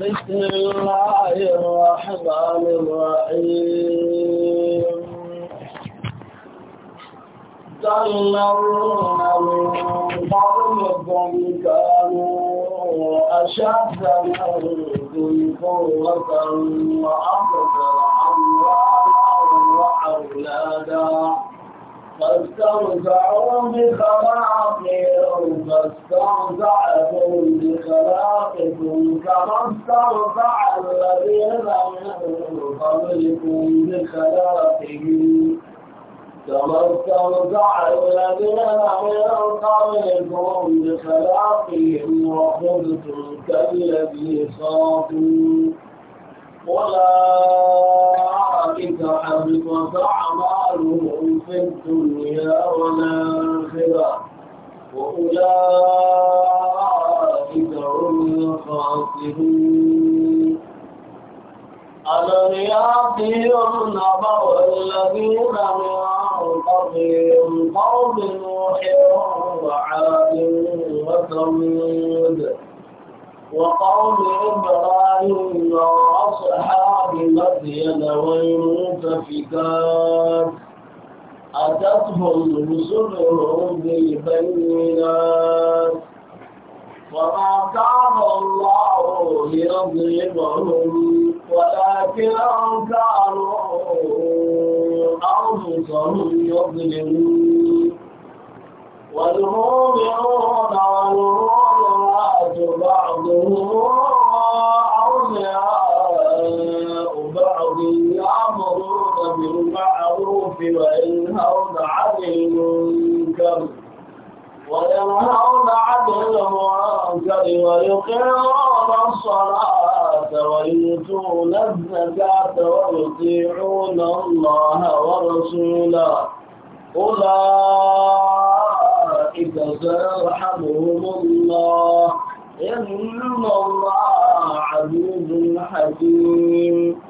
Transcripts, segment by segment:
بسم الله الرحمن الرحيم ضل من قبلكم كانوا أشد منكم قوة وأكثر أموالا وأولادا فاستمتعوا بخلاقهم فاستمتعتم بخلاقكم كما استمتع الذين من قبلكم بخلاقهم كما استمتع الذين من قبلكم بخلاقهم وخذتم كالذي خافوا أولئك حبطت أعمالهم معروف في الدنيا والآخرة وأولئك هم الخاسرون ألم يأتهم نبأ الذين من قبلهم قوم نوح وعاد وثمود وقوم إبراهيم وأصحاب مدين والمؤتفكات أتتهم رسلهم بالبينات وما كان الله ليظلمهم ولكن كانوا أنفسهم يظلمون والمؤمنون والمؤمنات بعضهم أولياء بعض يأمرون بالمعروف وينهون عن المنكر وينهون عن المنكر ويقيمون الصلاة ويؤتون الزكاة ويطيعون الله ورسوله أولئك سيرحمهم الله إن الله عزيز حكيم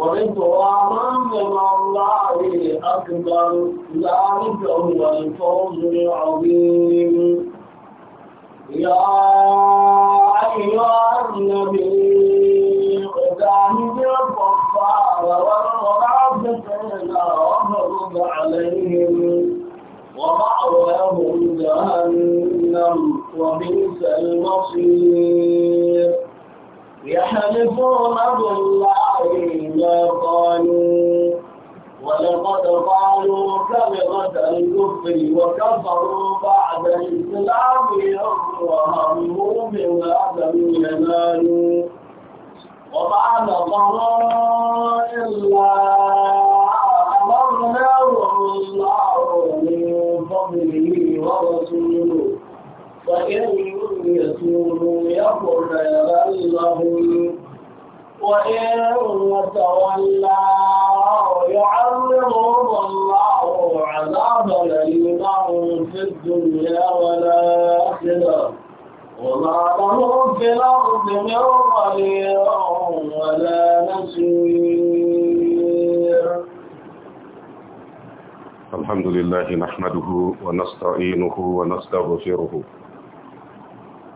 ورضوانا من الله أكبر ذلك هو الفوز العظيم يا أيها النبي جاهد الكفار والمنافقين واغلظ عليهم ومأواهم جهنم وبئس المصير يحلفون بالله إلا قالوا ولقد قالوا كلمة الكفر وكفروا بعد الإسلام وهموا من أدم ينالوا وبعد نظروا إلا أمرناهم الله من فضله ورسوله فإن يتوبوا يقول خيرا لهم وإن تولوا يعذبهم الله عذابا أليما في الدنيا والآخرة وما لهم في الأرض من ظهير ولا نصير الحمد لله نحمده ونستعينه ونستغفره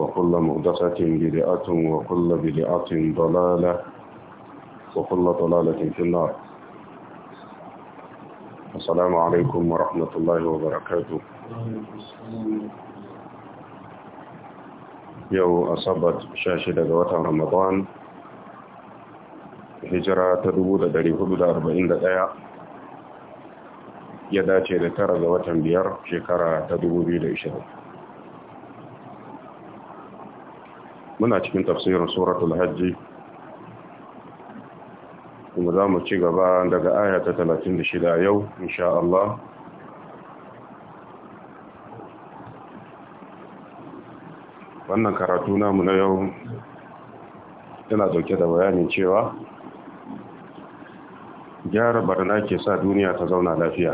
وكل مهدسة بدعة وكل بدعة ضلالة وكل ضلالة في النار السلام عليكم ورحمة الله وبركاته yau asabat 16 daga watan ramadan hijira ta 1441 ya dace da tara ga watan biyar shekara ta 2020 muna cikin tafsirin suratul hajji kuma za mu ci gaba daga aya ta 36 yau insha Allah wannan karatu namu na yau yana dauke da bayanin cewa gyara barna ke sa duniya ta zauna lafiya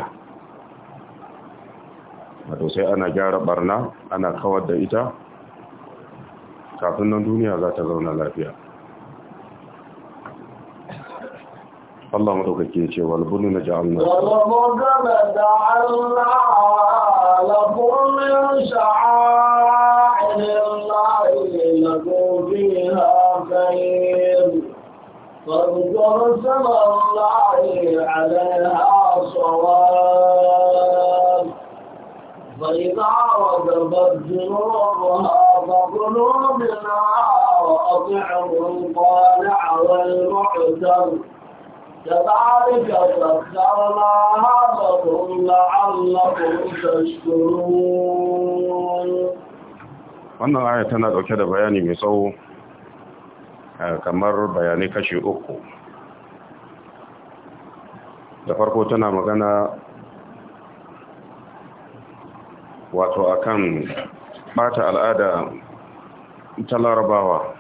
wato sai ana gyara barna ana kawar da ita kafin nan duniya za ta zauna lafiya Allah madaukake ce wal bunu na ja'alna na bunu ja'alna lakum min sha'a'irillahi lakum fiha khair فاذكر اسم الله عليها صواب فإذا رجبت جنوبها وظلوم وأطعموا القانع والمعتر كذلك سخرناها لكم لعلكم تشكرون wannan aya tana dauke da bayani mai tsawo eh, kamar bayanai kashi uku da farko tana magana wato akan bata al'ada ta larabawa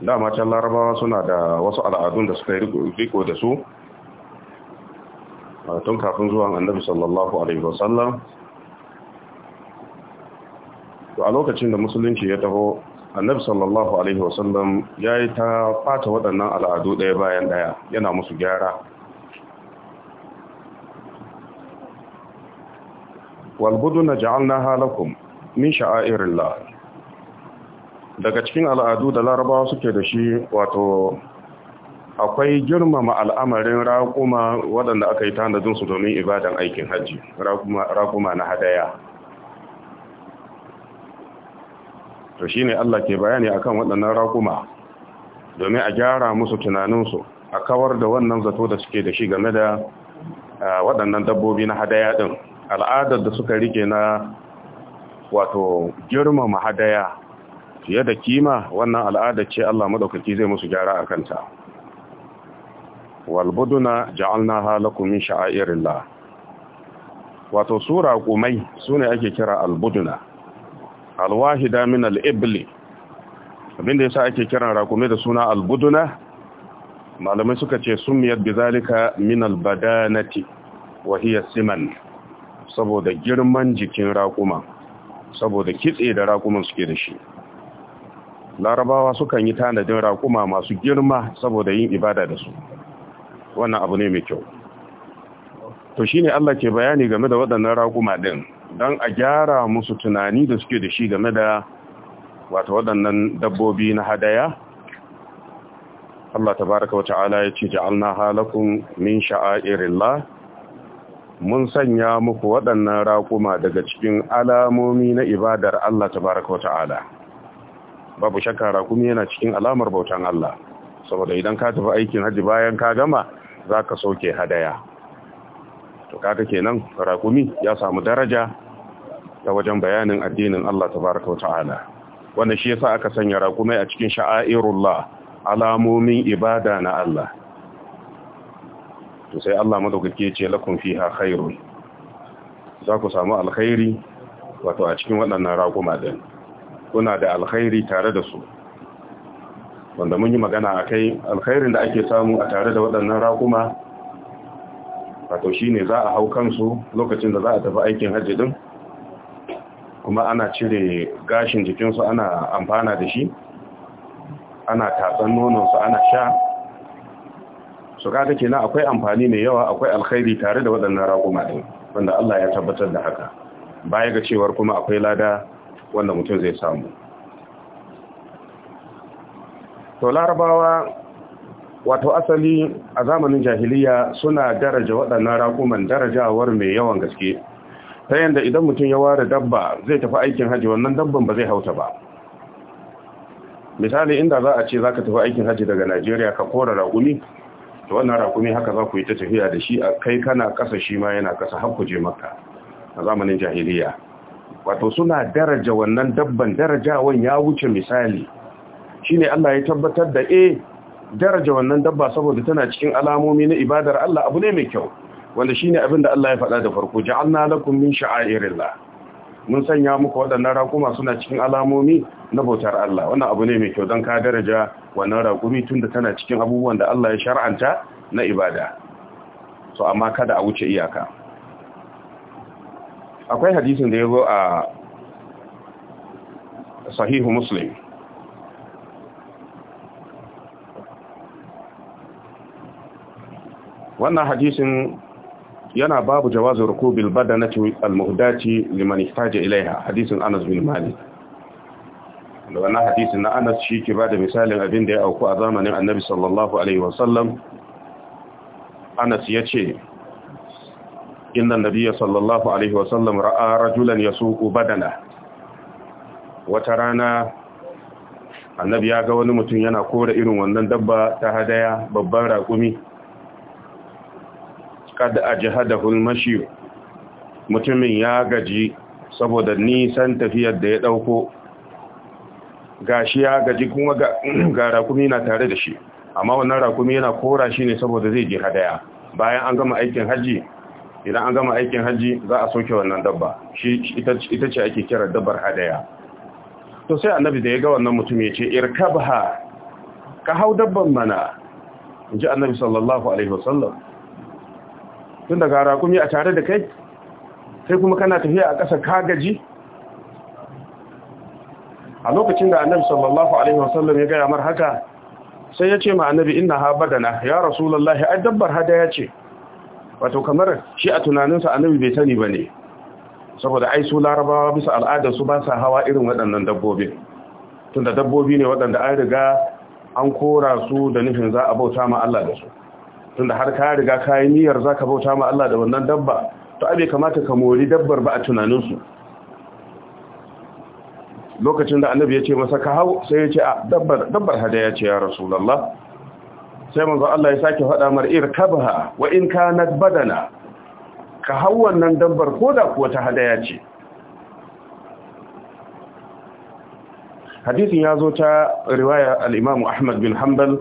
dama can larabawa suna da wasu al'adun da suka yi riko da su tun kafin zuwan annabi sallallahu alaihi wasallam to a lokacin da musulunci ya taho annabi sallallahu alaihi wasallam ya yi ta fata waɗannan al'adu ɗaya bayan ɗaya yana musu gyara walbuduna ja'alna halakum min sha'airillah daga cikin al'adu da larabawa suke da shi wato akwai girmama al'amarin raƙuma waɗanda aka yi tanadin su domin ibadan aikin hajji raƙuma na hadaya to shine Allah ke bayani akan waɗannan raƙuma domin a gyara musu tunaninsu a kawar da wannan zato da suke da shi game da eh, waɗannan dabbobi na hadaya ɗin al'adar da suka rike na wato girmama hadaya fiye da kima wannan al'adar ce Allah madaukaki zai musu gyara a kanta walbuduna ja'alna halakum min sha'airillah wato sura kumai sune ake kira albuduna alwahida min al-ibli abinda yasa ake kiran rakume da suna albuduna malamai suka ce sumiyat bizalika min Badanati wa hiya siman saboda girman jikin raƙuma saboda kitse da raƙuman suke da shi larabawa sukan yi tanadin raƙuma masu girma saboda yin ibada da su wannan abu ne mai kyau to shi ne Allah ke bayani game da waɗannan raƙuma ɗin don a gyara musu tunani da suke da shi game da wata waɗannan dabbobi na hadaya Allah tabaraka wa ta'ala ya ce ja'alna halakun min sha'airillah mun sanya muku waɗannan raƙuma daga cikin alamomi na ibadar Allah tabaraka wa ta'ala babu shakka raƙumi yana cikin alamar bautan Allah saboda idan ka tafi aikin haji bayan ka gama za ka soke hadaya to ke kenan raƙumi ya samu daraja ta wajen bayanin addinin Allah tabaraka wa ta'ala wanda shi yasa aka sanya raƙumai a cikin sha'airullah alamomin ibada na Allah to sai Allah madaukake ya ce lakum fiha khairun za ku samu alkhairi wato a cikin waɗannan raguma din kuna da alkhairi tare da su wanda mun yi magana akai kai alkhairin da ake samu a tare da waɗannan raguma wato shine za a hau kansu lokacin da za a tafi aikin hajji din kuma ana cire gashin jikinsu ana amfana da shi ana tatsan nonon su ana sha su kaga na akwai amfani mai yawa akwai alkhairi tare da waɗannan raguma ɗin wanda Allah ya tabbatar da haka baya ga cewar kuma akwai lada wanda mutum zai samu to larabawa wato asali a zamanin jahiliya suna daraja waɗannan raƙuman darajawar mai yawan gaske ta yadda idan mutum ya ware dabba zai tafi aikin hajji wannan dabban ba zai hauta ba misali inda za a ce za ka tafi aikin hajji daga najeriya ka kora raƙumi to wannan rakumi haka za ku yi ta tafiya da shi a kai kana kasa shi ma yana kasa har ku je maka a zamanin jahiliya wato suna daraja wannan dabban daraja darajawan ya wuce misali shine Allah ya tabbatar da eh daraja wannan dabba saboda tana cikin alamomi na ibadar Allah abu ne mai kyau wanda shine abin da Allah ya faɗa da farko ja'alna lakum min sha'airillah mun sanya muku waɗannan raƙuma suna cikin alamomi na bautar Allah wannan abu ne mai kyau don ka daraja wannan raƙumi tun da tana cikin abubuwan da Allah ya shar'anta na ibada so amma kada a wuce iyaka akwai hadisin da ya zo a sahihu muslim wannan hadisin yana babu jawazin rukubil badanati al-muhdati liman ihtaja ilaiha hadisin Anas bin Malik da wannan hadisin na Anas shi ke bada misalin abin da ya auku a zamanin Annabi sallallahu alaihi wasallam Anas yace inna nabiyya sallallahu alaihi wasallam ra'a rajulan yasuqu badana wata rana Annabi ya ga wani mutum yana kora irin wannan dabba ta hadaya babban raƙumi kad ajhadahu al mashy mutumin ya gaji saboda nisan tafiyar da ya dauko gashi ya gaji kuma ga rakumi na tare da shi amma wannan rakumi yana kora shi ne saboda zai je hadaya bayan an gama aikin haji idan an gama aikin haji za a soke wannan dabba shi ita ce ake kira dabbar hadaya to sai annabi da ya ga wannan mutum ya ce irkabha ka hau dabban mana ji annabi sallallahu alaihi wasallam tun daga raƙumi a tare da kai sai kuma kana tafiya a ƙasa ka gaji a lokacin da annabi sallallahu alaihi wasallam ya gaya mar haka sai ya ce ma annabi inna ha badana ya rasulullahi ai dabbar hada ya ce wato kamar shi a tunaninsa annabi bai sani ba ne saboda ai su larabawa bisa al'adar su ba sa hawa irin waɗannan dabbobi tunda dabbobi ne waɗanda an riga an kora su da nufin za a bauta ma Allah da su tunda har ka riga ka yi niyyar zaka bauta ma Allah da wannan dabba to abe kamata ka mori dabbar ba a tunanin su lokacin da annabi ya ce masa ka hau sai ya ce a dabbar dabbar hadaya ce ya rasulullah sai manzo Allah ya sake faɗa mar irkabha wa in kanat badana ka hau wannan dabbar koda kuwa ta hadaya ce hadisin ya zo ta riwaya al-Imam Ahmad bin Hanbal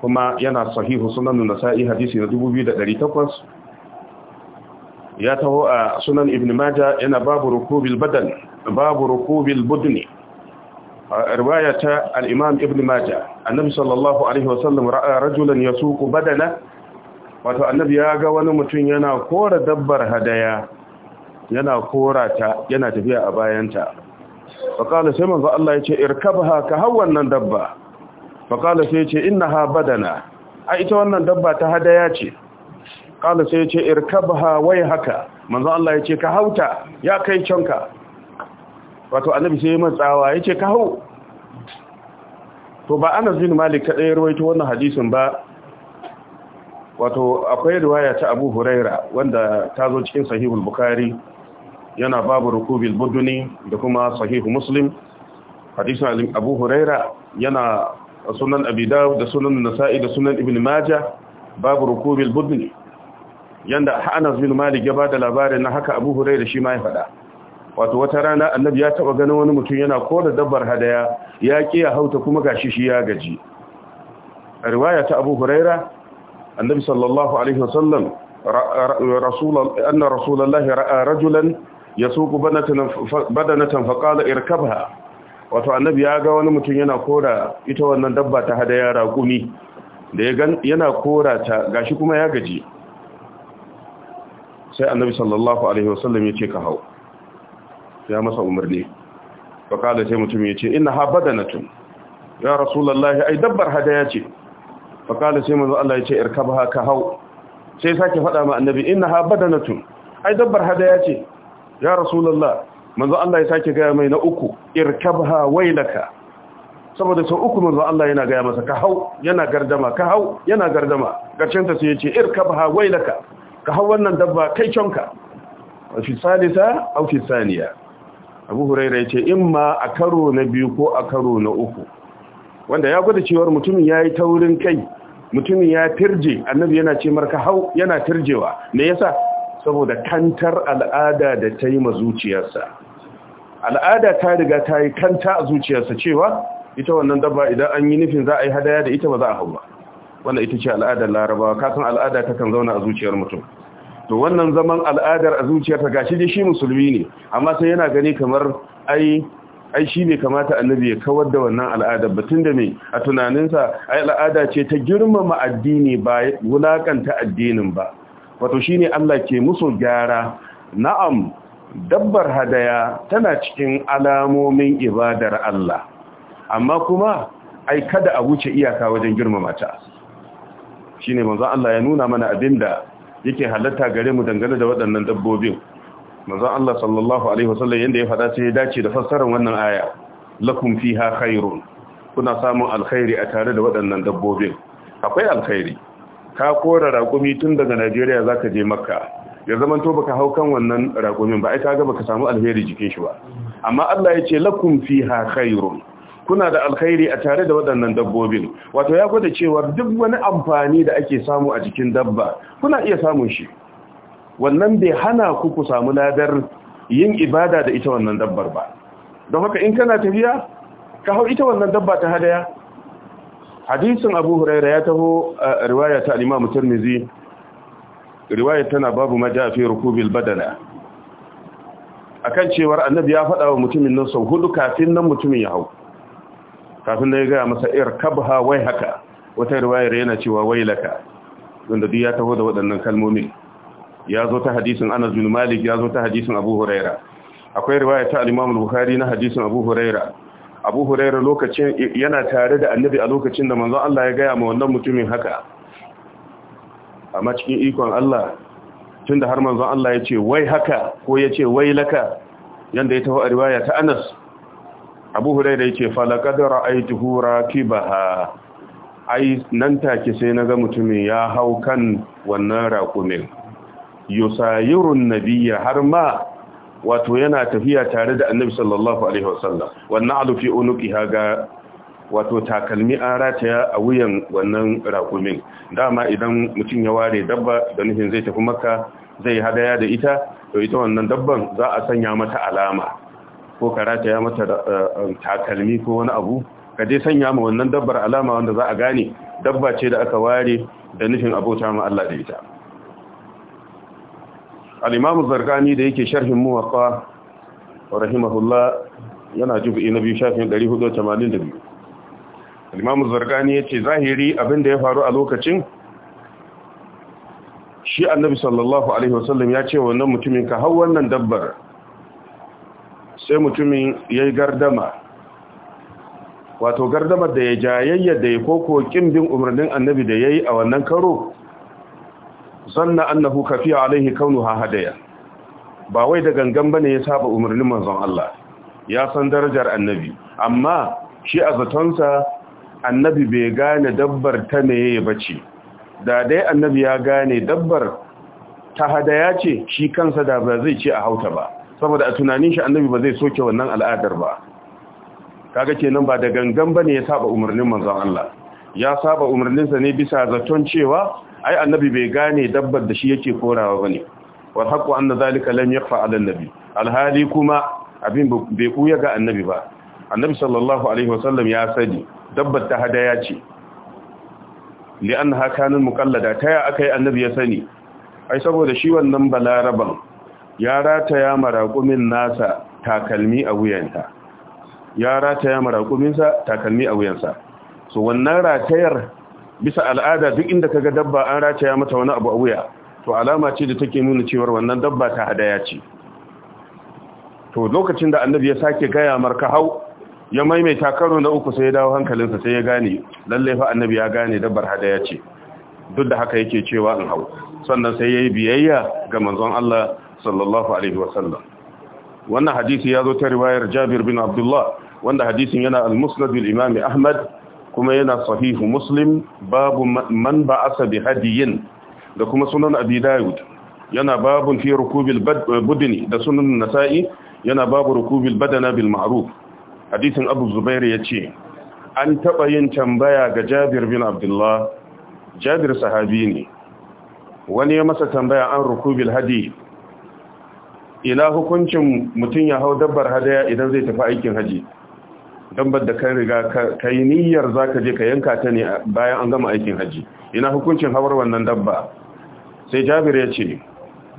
kuma yana sahihu sunan nasa'i hadisi na 2800 ya taho a sunan ibn maja yana babu rukubil badan babu rukubil budni riwaya ta al-imam ibn maja annabi sallallahu alaihi wasallam ra'a rajulan yasuqu badana wato annabi ya ga wani mutum yana kora dabbar hadaya yana kora ta yana tafiya a bayanta faqala sai manzo Allah ya ce irkabha ka hawan nan dabba faƙala sai ce ina ha badana a ita wannan dabba ta hadaya ce ƙala sai ce ha wai haka manzan Allah ya ce ka hauta ya kai canka wato annabi sai yi matsawa ya ce ka hau to ba ana bin malik ta ya rawaito wannan hadisin ba wato akwai riwaya ta abu huraira wanda ta zo cikin sahihul bukhari yana babu rukubil buduni da kuma sahihu muslim hadisin abu huraira yana a sunan abidaw da sunan nasa'i da sunan ibn maja babu rukubil budni yanda anas bin malik ya bada labarin na haka abu hurairah shi ma ya faɗa wato wata rana annabi ya taba ganin wani mutum yana kora dabbar hadaya ya kiya hauta kuma gashi shi ya gaji a riwaya ta abu hurairah annabi sallallahu alaihi wasallam rasulullah anna ra'a rajulan yasuqu badanatan faqala irkabha wato annabi ya ga wani mutum yana kora ita wannan dabba ta hadaya raƙumi da ya yana kora ta gashi kuma ya gaji sai annabi sallallahu alaihi wasallam ya ce ka hau ya masa umarni kala sai mutum ya ce inna habadanatun ya rasulullahi ai dabbar hadaya ce kala sai manzo Allah ya ce irkabha ka hau sai sake faɗa ma annabi inna habadanatun ai dabbar hadaya ce ya rasulullahi manzo Allah ya sake gaya mai na uku irkabha wailaka saboda sau uku manzo Allah yana gaya masa ka hau yana gardama ka hau yana gardama karshen ta sai ya ce irkabha wailaka ka hau wannan dabba kai cionka fi salisa aw fi saniya Abu Hurairah ya ce imma a karo na biyu ko a karo na uku wanda ya gwada cewa mutumin yayi taurin kai mutumin ya tirje annabi yana ce marka hau yana tirjewa me yasa saboda kantar al'ada da ta yi ma zuciyarsa al'ada ta riga ta yi kanta a zuciyarsa cewa ita wannan dabba idan an yi nufin za a yi hadaya da ita ba za a hau ba wannan ita ce al'adar larabawa kasan al'ada ta kan zauna a zuciyar mutum to wannan zaman al'adar a zuciyarta gashi shi shi musulmi ne amma sai yana gani kamar ai ai shi ne kamata annabi ya kawar da wannan al'adar batun da me a tunaninsa ai al'ada ce ta girmama addini ba wulakanta addinin ba wato shine Allah ke musu gyara na'am dabbar hadaya tana cikin alamomin ibadar Allah amma kuma ai kada a wuce iyaka wajen girmama ta shine manzo Allah ya nuna mana abinda yake halatta gare mu dangane da waɗannan dabbobin manzo Allah sallallahu alaihi wasallam yanda ya faɗa sai ya dace da fassarar wannan aya lakum fiha khairun kuna samun alkhairi a tare da waɗannan dabbobin akwai alkhairi ka kora rakumi tun daga najeriya za ka je makka ya zaman to baka hau kan wannan rakumin ba ai kaga baka samu alheri jikin shi ba amma Allah ya ce lakum fiha khairun kuna da alkhairi a tare da waɗannan dabbobin wato ya gwada cewa duk wani amfani da ake samu a jikin dabba kuna iya samun shi wannan bai hana ku ku samu ladar yin ibada da ita wannan dabbar ba don haka in kana tafiya ka hau ita wannan dabba ta hadaya hadisin abu huraira ya taho a riwaya ta al-imam tirmidhi riwaya tana babu ma ja fi rukubil badana akan cewar annabi ya faɗa wa mutumin nan sau hudu kafin nan mutumin ya hau kafin da ya gaya masa ir kabha wai haka wata riwayar yana cewa wai laka wanda duk ya taho da waɗannan kalmomin ya zo ta hadisin Anas bin Malik ya zo ta hadisin Abu Huraira akwai riwaya ta al-Imam bukhari na hadisin Abu Huraira abu huraira lokacin yana tare da annabi a lokacin da manzon Allah ya gaya ma wannan mutumin haka amma cikin ikon Allah tunda har manzon Allah ya ce wai haka ko ya ce wai laka yanda ya taho a riwaya ta Anas abu huraira ya ce falaqad ra'aytuhu rakibaha ai nan take sai naga mutumin ya hau kan wannan rakumin yusayirun nabiyya har ma wato yana tafiya tare da annabi sallallahu alaihi wasallam wannan alufi unuki haga wato takalmi an rataya a wuyan wannan rakumin dama idan mutum ya ware dabba da nufin zai tafi makka zai hadaya da ita to ita wannan dabban za a sanya mata alama ko ka rataya mata eh, eh, takalmi ko wani abu ka dai sanya ma wannan dabbar alama wanda za a gane dabba ce da aka ware da nufin abota ma Allah da ita Alimamu Zargani da yake sharhin muwaffa rahimahullah yana juz'i na biyu shafin 482 Alimamu Zargani ya ce zahiri abin da ya faru a lokacin shi annabi sallallahu alaihi wasallam ya ce wannan mutumin ka hau wannan dabbar sai mutumin yayi gardama wato gardamar da ya jayayya da ya koko bin umarnin annabi da ya yi a wannan karo zanna annahu kafiya alaihi kaunuha hadaya ba wai da gangan bane ya saba umarnin manzon Allah ya san darajar annabi amma shi a zatonsa annabi bai gane dabbar ta meye bace da dai annabi ya gane dabbar ta hadaya ce shi kansa da ba zai ce a hauta ba saboda a tunanin shi annabi ba zai soke wannan al'adar ba kaga kenan ba da gangan bane ya saba umarnin manzon Allah ya saba umarninsa ne bisa zaton cewa ai annabi bai gane dabbar da shi yake korawa bane wal haqqu anna zalika lam yakhfa ala annabi alhali kuma abin bai kuya ga annabi ba annabi sallallahu alaihi wasallam ya sani dabbar ta hadaya ce li'annaha kanun muqallada taya akai annabi ya sani ai saboda shi wannan balaraban ya rataya maraƙumin nasa takalmi a wuyanta ya maraqumin sa takalmi a wuyansa so wannan ratayar bisa al'ada duk inda ka ga dabba an rataya mata wani abu a wuya to alama ce da take nuna cewar wannan dabba ta hadaya ce to lokacin da annabi ya sake gaya marka hau ya maimaita karo na uku sai ya dawo hankalinsa sai ya gane lallai fa annabi ya gane dabbar hadaya ce duk da haka yake cewa in hau sannan sai ya yi biyayya ga manzon Allah sallallahu alaihi wasallam wannan hadisi ya zo ta riwayar Jabir bin Abdullah wanda hadisin yana al-Musnad imam Ahmad kuma yana sahihu muslim babu man ba'asa bi hadiyin da kuma sunan abi dawud yana babun fi rukubil budni da sunan nasa'i yana babu rukubil badana bil ma'ruf hadisin abu zubair yace an taba yin tambaya ga jabir bin abdullah jabir sahabi ne wani ya masa tambaya an rukubil hadi ila hukuncin mutun ya hau dabbar hadaya idan zai tafi aikin haji dabbar da kan riga ka yi niyyar za ka je ka yanka ta ne bayan an gama aikin hajji ina hukuncin hawar wannan dabba sai jabir ya ce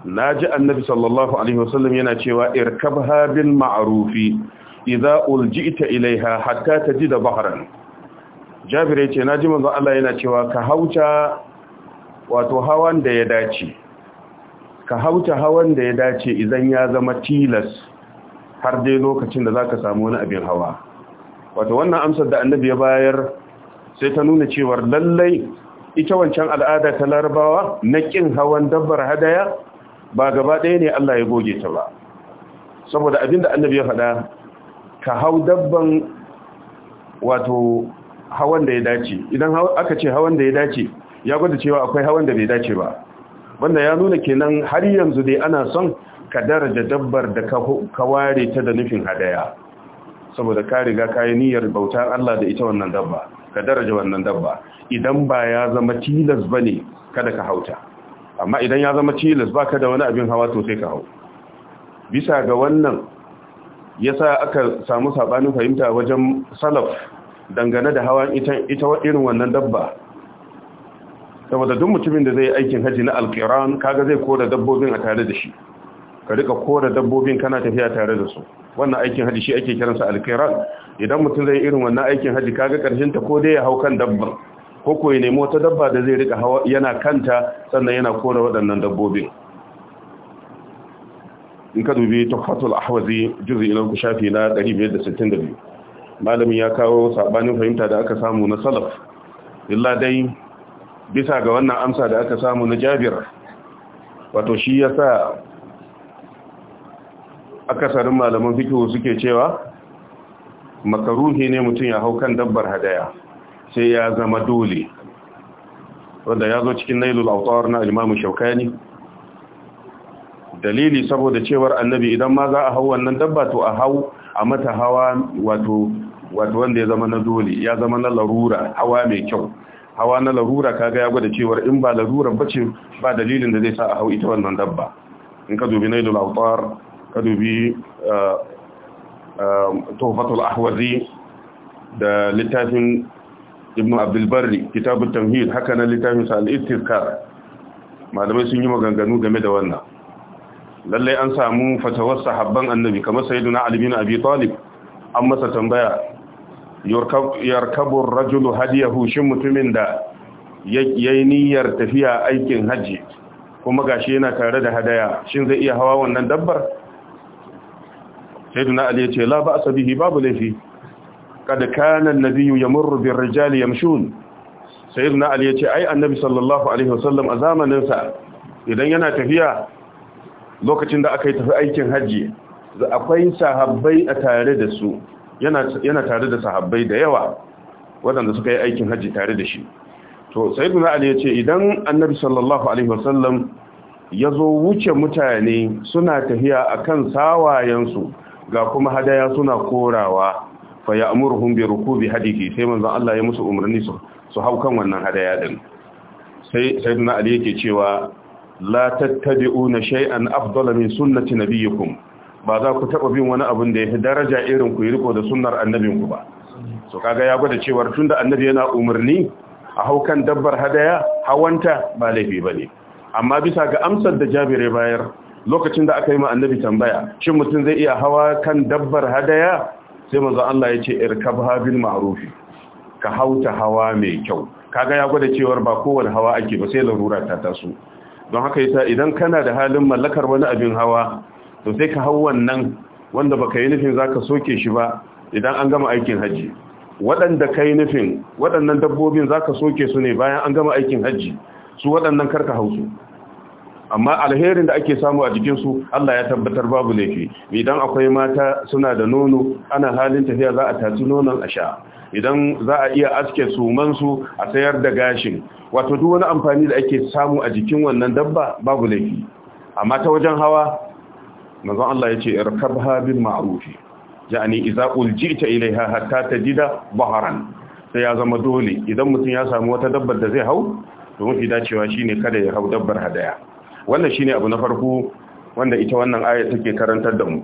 na ji annabi sallallahu alaihi wasallam yana cewa irkabha bil ma'arufi idza uljita ilaiha hatta da bahran jabir ya ce na ji manzo Allah yana cewa ka hauta wato hawan da ya dace ka hauta hawan da ya dace idan ya zama tilas har dai lokacin da zaka samu wani abin hawa wato wannan amsar da annabi ya bayar sai ta nuna cewar lallai ita wancan al'ada ta larabawa na kin hawan dabbar hadaya ba gaba ɗaya ne Allah ya goge ta ba saboda abinda annabi ya faɗa ka hau dabban wato hawan da ya dace idan aka ce hawan da ya dace ya gwada cewa akwai hawan da bai dace ba wanda ya nuna kenan har yanzu dai ana son ka daraja dabbar da ka ware ta da nufin hadaya saboda ka riga ka yi niyyar bautar Allah da ita wannan dabba ka daraja wannan dabba idan ba ya zama tilas ba ne kada ka hauta amma idan ya zama tilas ba ka da wani abin hawa to sai ka hau bisa ga wannan ya sa aka samu saɓanin fahimta wajen salaf dangane da hawan ita irin wannan dabba saboda duk mutumin da zai aikin haji na alkiran kaga zai kora dabbobin a tare da shi ka rika kora dabbobin kana tafiya tare da su wannan aikin haji shi ake kiransa alkairan idan mutum zai irin wannan aikin haji kaga karshen ta ko dai ya hau kan dabba ko ko ya nemi wata dabba da zai rika hawa yana kanta sannan yana kora waɗannan dabbobin in ka dubi tuhfatul ahwazi juz'i na shafi na 562 malamin ya kawo sabanin fahimta da aka samu na salaf illa dai bisa ga wannan amsa da aka samu na jabir wato shi yasa akasarin malaman fikihu suke cewa makaruhi ne mutum ya hau kan dabbar hadaya sai ya zama dole wanda ya zo cikin nailul autar na imamu shaukani dalili saboda cewar annabi idan ma za a hau wannan dabba to a hau a mata hawa wato wato wanda ya zama na dole ya zama na larura hawa mai kyau hawa na larura kaga ya gwada cewar in ba larura bace ba dalilin da zai sa a hau ita wannan dabba in ka dubi nailul autar ka bi tuhfatul ahwazi da littafin ibn barri kitabun tamhid haka na littafin sa al-istizkar malamai sun yi maganganu game da wannan lallai an samu fatawar sahabban annabi kamar sayyiduna ali bin abi talib an masa tambaya yarkabu rajulu hadiyahu shin mutumin da yayi niyyar tafiya aikin haji kuma gashi yana tare da hadaya shin zai iya hawa wannan dabbar sayyiduna ali yace la ba'sa bihi babu laifi kad kana an-nabiyyu yamurru bir-rijali yamshun sayyiduna ali yace ai annabi sallallahu alaihi wasallam a zamanin sa idan yana tafiya lokacin da aka yi tafi aikin haji akwai sahabbai a tare da su yana yana tare da sahabbai da yawa waɗanda suka yi aikin haji tare da shi to sayyiduna ali yace idan annabi sallallahu alaihi wasallam ya zo wuce mutane suna tafiya a kan sawayensu ga kuma hadaya suna korawa fa ya amurhum bi rukubi hadihi sai manzo Allah ya musu umarni su su hau kan wannan hadaya din sai sayyidina Ali yake cewa la tattabi'una shay'an afdala min sunnati nabiyikum ba za ku taɓa bin wani abin da ya fi daraja irin ku yi riko da sunnar annabinku ba so kaga ya gwada cewa tunda annabi yana umarni a haukan dabbar hadaya hawanta ba laifi ba amma bisa ga amsar da jabire bayar lokacin da aka yi ma annabi tambaya shin mutum zai iya hawa kan dabbar hadaya sai Maza Allah ya ce irkabha habin ma'arufi ka hauta hawa mai kyau kaga ya gwada cewar ba kowane hawa ake ba sai larura ta taso don haka yasa idan kana da halin mallakar wani abin hawa to sai ka hau wannan wanda baka yi nufin zaka soke shi ba idan an gama aikin haji waɗanda ka yi nufin waɗannan dabbobin zaka soke su ne bayan an gama aikin haji su waɗannan karka hausu amma alherin da ake samu a jikinsu Allah ya tabbatar babu laifi idan akwai mata suna da nono ana halin tafiya za a tatsi nonon a sha idan za a iya aske su a sayar da gashin wato duk wani amfani da ake samu a jikin wannan dabba babu laifi amma ta wajen hawa manzon Allah ya ce irkabha bil ma'ruf yani idza uljita ilaiha hatta tajida baharan sai ya zama dole idan mutum ya samu wata dabbar da zai hau to mafi dacewa shine kada ya hau dabbar hadaya wannan shine abu na farko wanda ita wannan aya take karantar da mu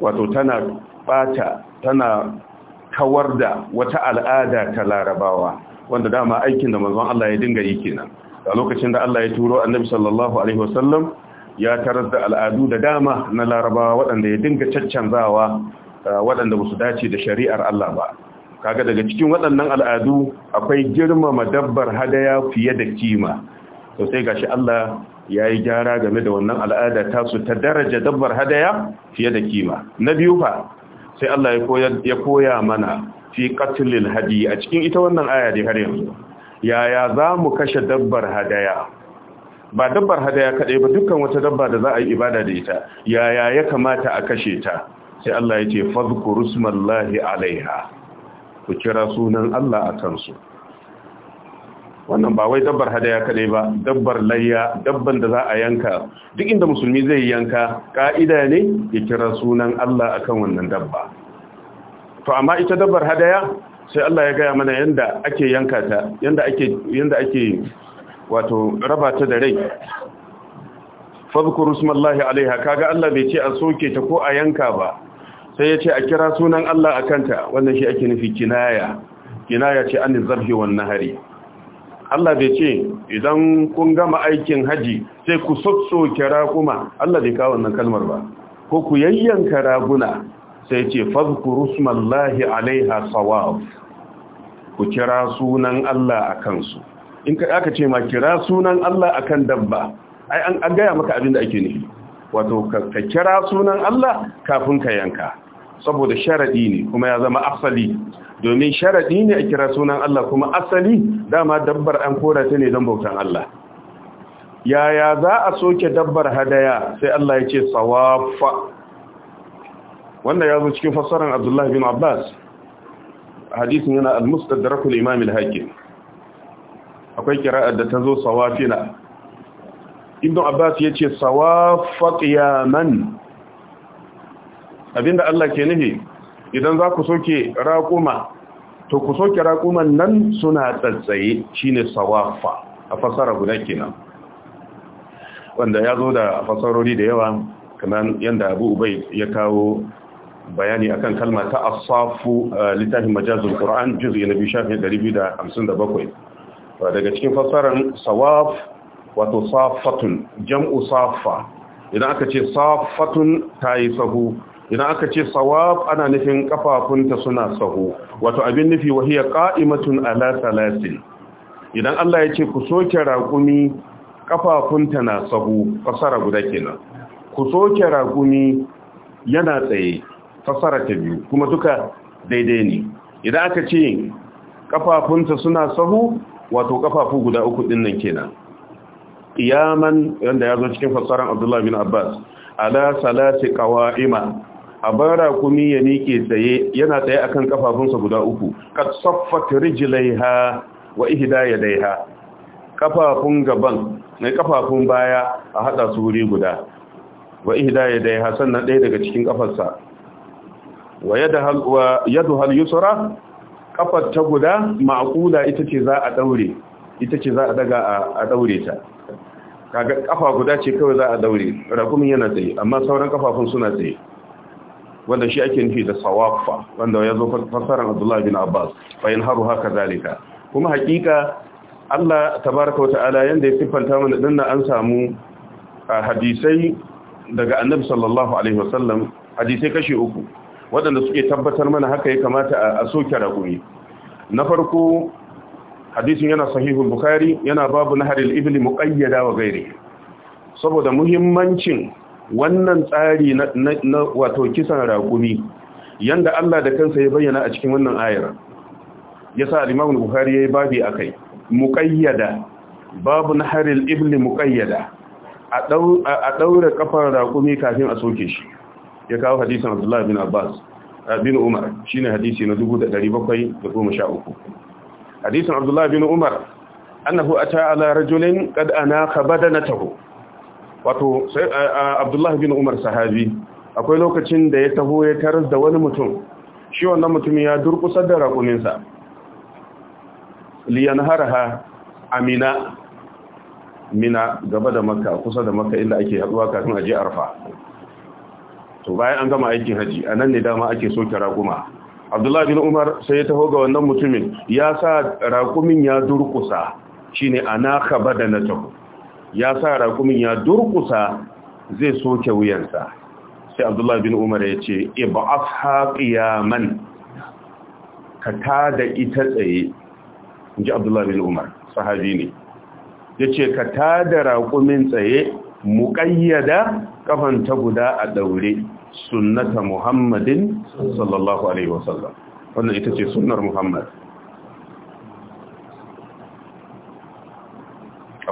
wato tana bata tana kawar da wata al'ada ta larabawa wanda dama aikin da manzon Allah ya dinga yi kenan a lokacin da Allah ya turo annabi sallallahu alaihi wasallam ya karar da al'adu da dama na larabawa waɗanda ya dinga caccanzawa eh, waɗanda basu dace da shari'ar Allah ba kaga daga cikin waɗannan al'adu akwai girmama dabbar hadaya fiye da kima to sai gashi Allah ya yi gyara game da wannan al'ada ta su ta daraja dabbar hadaya fiye da kima na biyu fa sai Allah ya koya mana fi qatlil hadi a cikin ita wannan aya da har yanzu yaya za mu kashe dabbar hadaya ba dabbar hadaya kaɗai ba dukkan wata dabba da za a yi ibada da ita yaya ya kamata a kashe ta sai Allah ya ce fadhkuru alaiha ku kira sunan Allah a kansu wannan ba wai dabbar hadaya kadai ba dabbar layya dabban da za a yanka duk inda musulmi zai yanka ka'ida ne ya kira sunan Allah akan wannan dabba to amma ita dabbar hadaya sai Allah ya gaya mana yanda ake yanka ta yanda ake yanda ake wato raba ta da rai fadhkuru smallahi alaiha kaga Allah bai ce a soke ta ko a yanka ba sai ya ce a kira sunan Allah akanta wannan shi ake nufi kinaya kinaya ce an zabhi wan nahari Allah bai ce idan kun gama aikin haji sai ku kira raguma Allah bai kawo wannan kalmar ba ko ku yayyanka raguna sai ce fadhkuru smallahi alaiha sawab ku kira sunan Allah akan su in ka aka ce ma kira sunan Allah akan dabba ai an gaya maka abin da ake nufi wato ka kira sunan Allah kafin ka yanka saboda sharaɗi ne kuma ya zama asali domin sharaɗi ne a kira sunan Allah kuma asali dama dabbar an kora ta ne don bautan Allah yaya za a soke dabbar hadaya sai Allah ya ce sawafa wannan ya zo cikin fassarar Abdullah bin Abbas hadisin yana al-mustadrakul imam al-hakim akwai kira'ar da ta zo sawafina ibn Abbas ya ce sawafa qiyaman abinda Allah ke nufi idan za ku soke raƙuma to ku soke raƙuman nan suna tsatsaye shine sawafa a fasara guda kenan wanda ya zo da fasarori da yawa kamar yadda Abu Ubay ya kawo bayani akan kalma ta asafu littafin majazul Qur'an juz'i na 2257 daga cikin fasaran sawaf wato safatun jam'u safa idan aka ce safatun tayi sahu idan aka ce sawab ana nufin kafafunta suna sahu wato abin nufi wahiya qa'imatun ala salasin idan Allah ya ce ku soke raƙumi kafafunta na sahu fasara guda kenan ku soke raƙumi yana tsaye fasara ta biyu kuma duka daidai ne idan aka ce kafafunta suna sahu wato kafafu guda uku nan kenan qiyaman yanda ya zo cikin fasaran Abdullah bin Abbas ala salati qawaima a bar rakumi ya miƙe tsaye yana tsaye akan kafafunsa guda uku tsoffa saffat rijlaiha wa ihdayadaiha kafafun gaban mai kafafun baya a hada su wuri guda wa ihdayadaiha sannan ɗaya daga cikin kafarsa wa yadahal hal yaduhal yusra kafar ta guda ma'qula ita ce za a daure ita ce za a daga a daure ta kaga kafa guda ce kawai za a daure rakumin yana tsaye amma sauran kafafun suna tsaye wanda shi ake nufi da sawaqfa wanda ya zo fasaran Abdullah bin Abbas fa haru haka zalika kuma hakika Allah tabaraka wa ta'ala yanda ya siffanta mana dinna an samu hadisai daga Annabi sallallahu alaihi wasallam hadisai kashi uku waɗanda suke tabbatar mana haka ya kamata a soke raƙumi na farko hadisin yana sahihul bukhari yana babu al ibli muqayyada wa gairi saboda muhimmancin wannan tsari na wato kisan raƙumi yanda Allah da kansa ya bayyana a cikin wannan ayar ya sa al-Imam Bukhari yayi babi akai muqayyada babu naharil ibn muqayyada a daura kafar raƙumi kafin a soke shi ya kawo hadisin Abdullah bin Abbas bin Umar shine hadisi na 1713 hadisin Abdullah bin Umar annahu ata ala rajulin qad na badanatahu wato abdullahi bin umar sahabi akwai lokacin da ya taho ya taras da wani mutum shi wannan mutumin ya durkusar da raƙuminsa liyan haraha amina mina gaba da makka kusa da makka inda ake haɗuwa kafin aje arfa to bayan an gama aikin haji anan ne dama ake soke raƙuma. abdullahi bin umar sai ya taho ga wannan mutumin ya sa raƙumin ya durkusa shine ana khaba da na taho ya sa rakumin ya durkusa zai soke wuyansa sai abdullahi bin umar ya ce afha qiyaman ka ta da ita tsaye ji abdullahi bin umar sahabi ne Ya ce ka ta da rakumin tsaye muqayyada kafan ta guda a daure sunnata muhammadin sallallahu alaihi wasallam wannan ita ce sunnar muhammad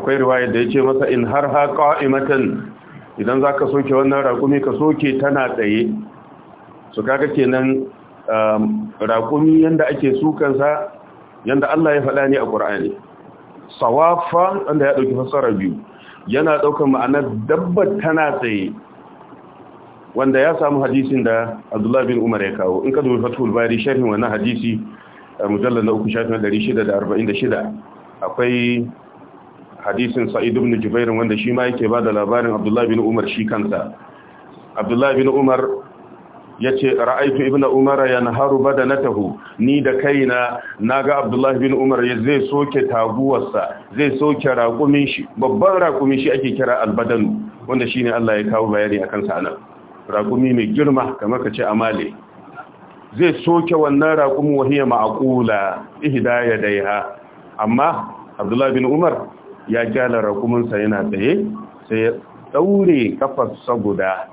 akwai riwaya da yace masa in har ha qa'imatan idan zaka soke wannan raƙumi ka soke tana tsaye su kaga kenan um, raƙumi yanda ake sukansa yanda Allah ya faɗa ne a Qur'ani sawafa wanda ya ɗauki fasara biyu yana daukar ma'anar dabba tana tsaye wanda ya samu hadisin da Abdullah bin Umar ya kawo in ka dubi Fathul Bari sharhin wannan hadisi mujallal na uku shafin 646 akwai hadisin sa'id ibn jubair wanda shi ma yake bada labarin abdullahi bin umar shi kansa abdullahi bin umar yace ra'aytu ibn umar yanharu badanatahu ni da kaina naga abdullahi bin umar zai soke taguwarsa zai soke raƙumin shi babban raƙumin shi ake kira albadanu wanda shine Allah ya kawo bayani akan sa anan raƙumi mai girma kamar kace amale zai soke wannan raƙumin wahiya ma'qula ihdaya daiha amma abdullahi bin umar ya kyala rakumunsa yana tsaye sai ya daure kafarsa guda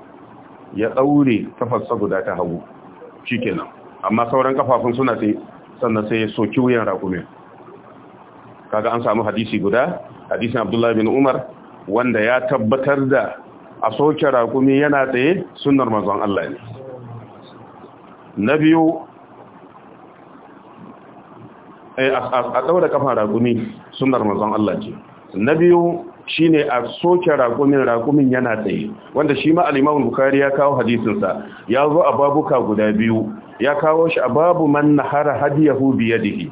ya daure kafarsa guda ta hagu shikenan amma sauran kafafun suna tsaye sannan sai ya soki wuyan rakumin kaga an samu hadisi guda hadisin Abdullahi bin Umar wanda ya tabbatar da a soke rakumi yana tsaye sunnar mazan Allah ne na biyu eh, a ɗaura kafan ragumi sunar mazan Allah ce na biyu ne a soke rakumin rakumin yana tsaye wanda shi ma al ya kawo hadisinsa ya zo a babuka guda biyu ya kawo shi a babu man nahara hadiyahu ya dihi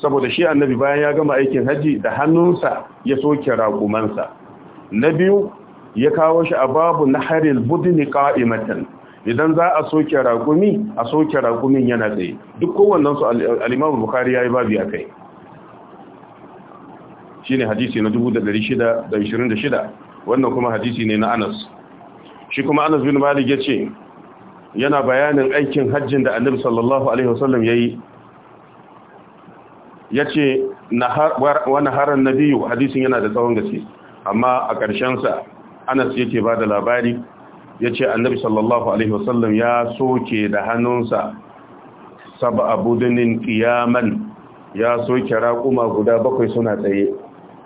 saboda shi annabi bayan ya gama aikin haji da hannunsa ya soke rakumansa na biyu ya kawo shi a babu naharil budni qa'imatan idan za a soke raƙumi a soke rakumin yana tsaye duk kowannen su al ya yi yayi babu kai shine hadisi na 1626 wannan kuma hadisi ne na Anas shi kuma Anas bin Malik yace yana bayanin aikin hajjin da Annabi sallallahu alaihi wasallam yayi yace nahar wa naharan nabiyyu hadisin yana da tsawon gaske amma a ƙarshen sa Anas yake bada labari yace Annabi sallallahu alaihi wasallam ya soke da hannunsa sab abudunin qiyaman ya soke raƙuma guda bakwai suna tsaye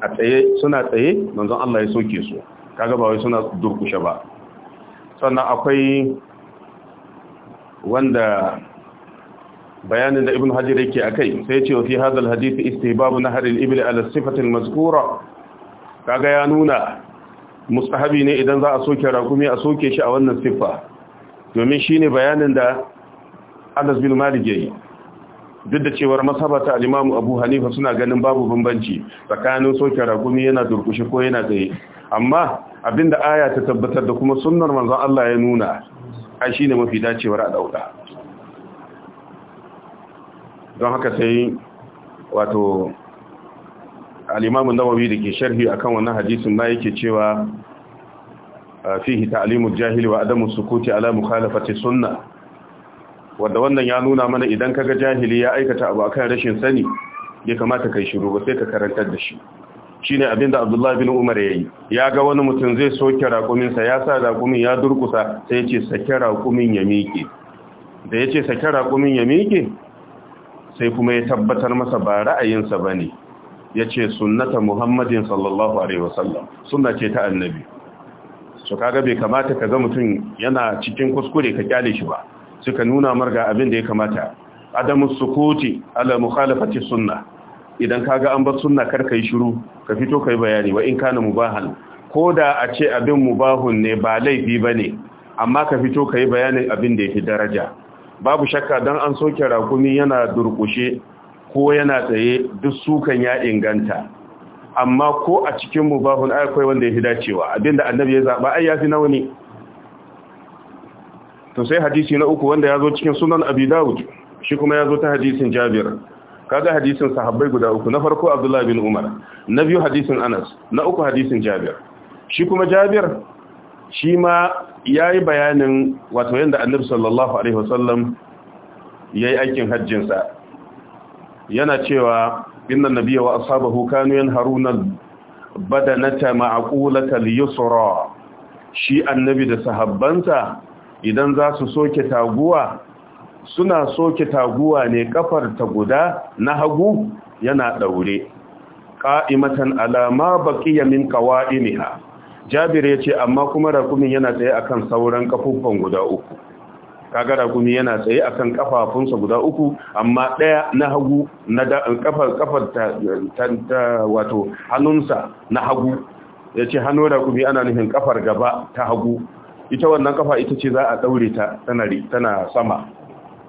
a tsaye suna tsaye manzon Allah ya soke su kaga ba wai suna durkushe ba sannan akwai wanda bayanin da ibn hajar yake akai sai ya ce wa fi hadal hadith istihbabu nahr al-ibl ala Sifatin al-mazkura kaga ya nuna mustahabi ne idan za a soke rakumi a soke shi a wannan siffa domin shine bayanin da Anas bin Malik yayi duk da cewar masabata Alimamu abu hanifa suna ganin babu bambanci tsakanin soke ragumi yana durkushi ko yana tsaye amma abinda aya ta tabbatar da kuma sunnar manzon Allah ya nuna ai ne mafi dacewar a dauka don haka sai wato Alimamu nawawi da ke sharhi akan wannan hadisin ma yake cewa fihi ta'limul jahili wa adamu sukuti ala mukhalafati sunnah wanda wannan ya nuna mana idan kaga jahili ya aikata abu akan rashin sani ya kamata kai shiru ba sai ka karantar da shi shine abinda Abdullah bin Umar ya yi. ya ga wani mutum zai soke raƙumin sa ya sa raƙumin ya durkusa sai ya ce sake raƙumin ya miƙe da ya ce sake raƙumin ya miƙe sai kuma ya tabbatar masa ba ra'ayinsa bane ya ce sunnata Muhammadin sallallahu alaihi wasallam sunna ce ta annabi so kaga bai kamata ka ga mutum yana cikin kuskure ka kyale shi ba suka nuna marga abin da ya kamata adamu sukuti ala mukhalafati sunna idan kaga an bar sunna kar yi shiru ka fito kai bayani wa in kana mubahan koda a ce abin mubahun ne ba laifi bane amma ka fito kai bayanin abin da yake daraja babu shakka dan an soke rakumi yana durkushe ko yana tsaye duk sukan ya inganta amma ko a cikin mubahun akwai wanda ya fi abinda annabi ya zaba ai yafi nawa ne to sai hadisi na uku wanda ya zo cikin sunan abi dawud shi kuma ya zo ta hadisin jabir kaga hadisin sahabbai guda uku na farko abdullahi bin umar na biyu hadisin anas na uku hadisin jabir shi kuma jabir shi ma ya yi bayanin wato yadda annabi sallallahu alaihi wasallam ya yi aikin hajjinsa yana cewa inna nabiya wa ashabahu kanu yanharuna badanata ma'qulata liyusra shi annabi da sahabbansa idan za su soke taguwa suna soke taguwa ne kafar ta guda na hagu yana daure qa'imatan ala ma baqiya min qawa'imiha jabir yace amma kuma rakumin yana tsaye akan sauran kafuffan guda uku kaga rakumi yana tsaye akan sa guda uku amma daya na hagu na kafar kafar ta wato hannunsa na hagu yace hannun rakumi ana nufin kafar gaba ta hagu ita wannan kafa ita ce za a daure ta tana tana sama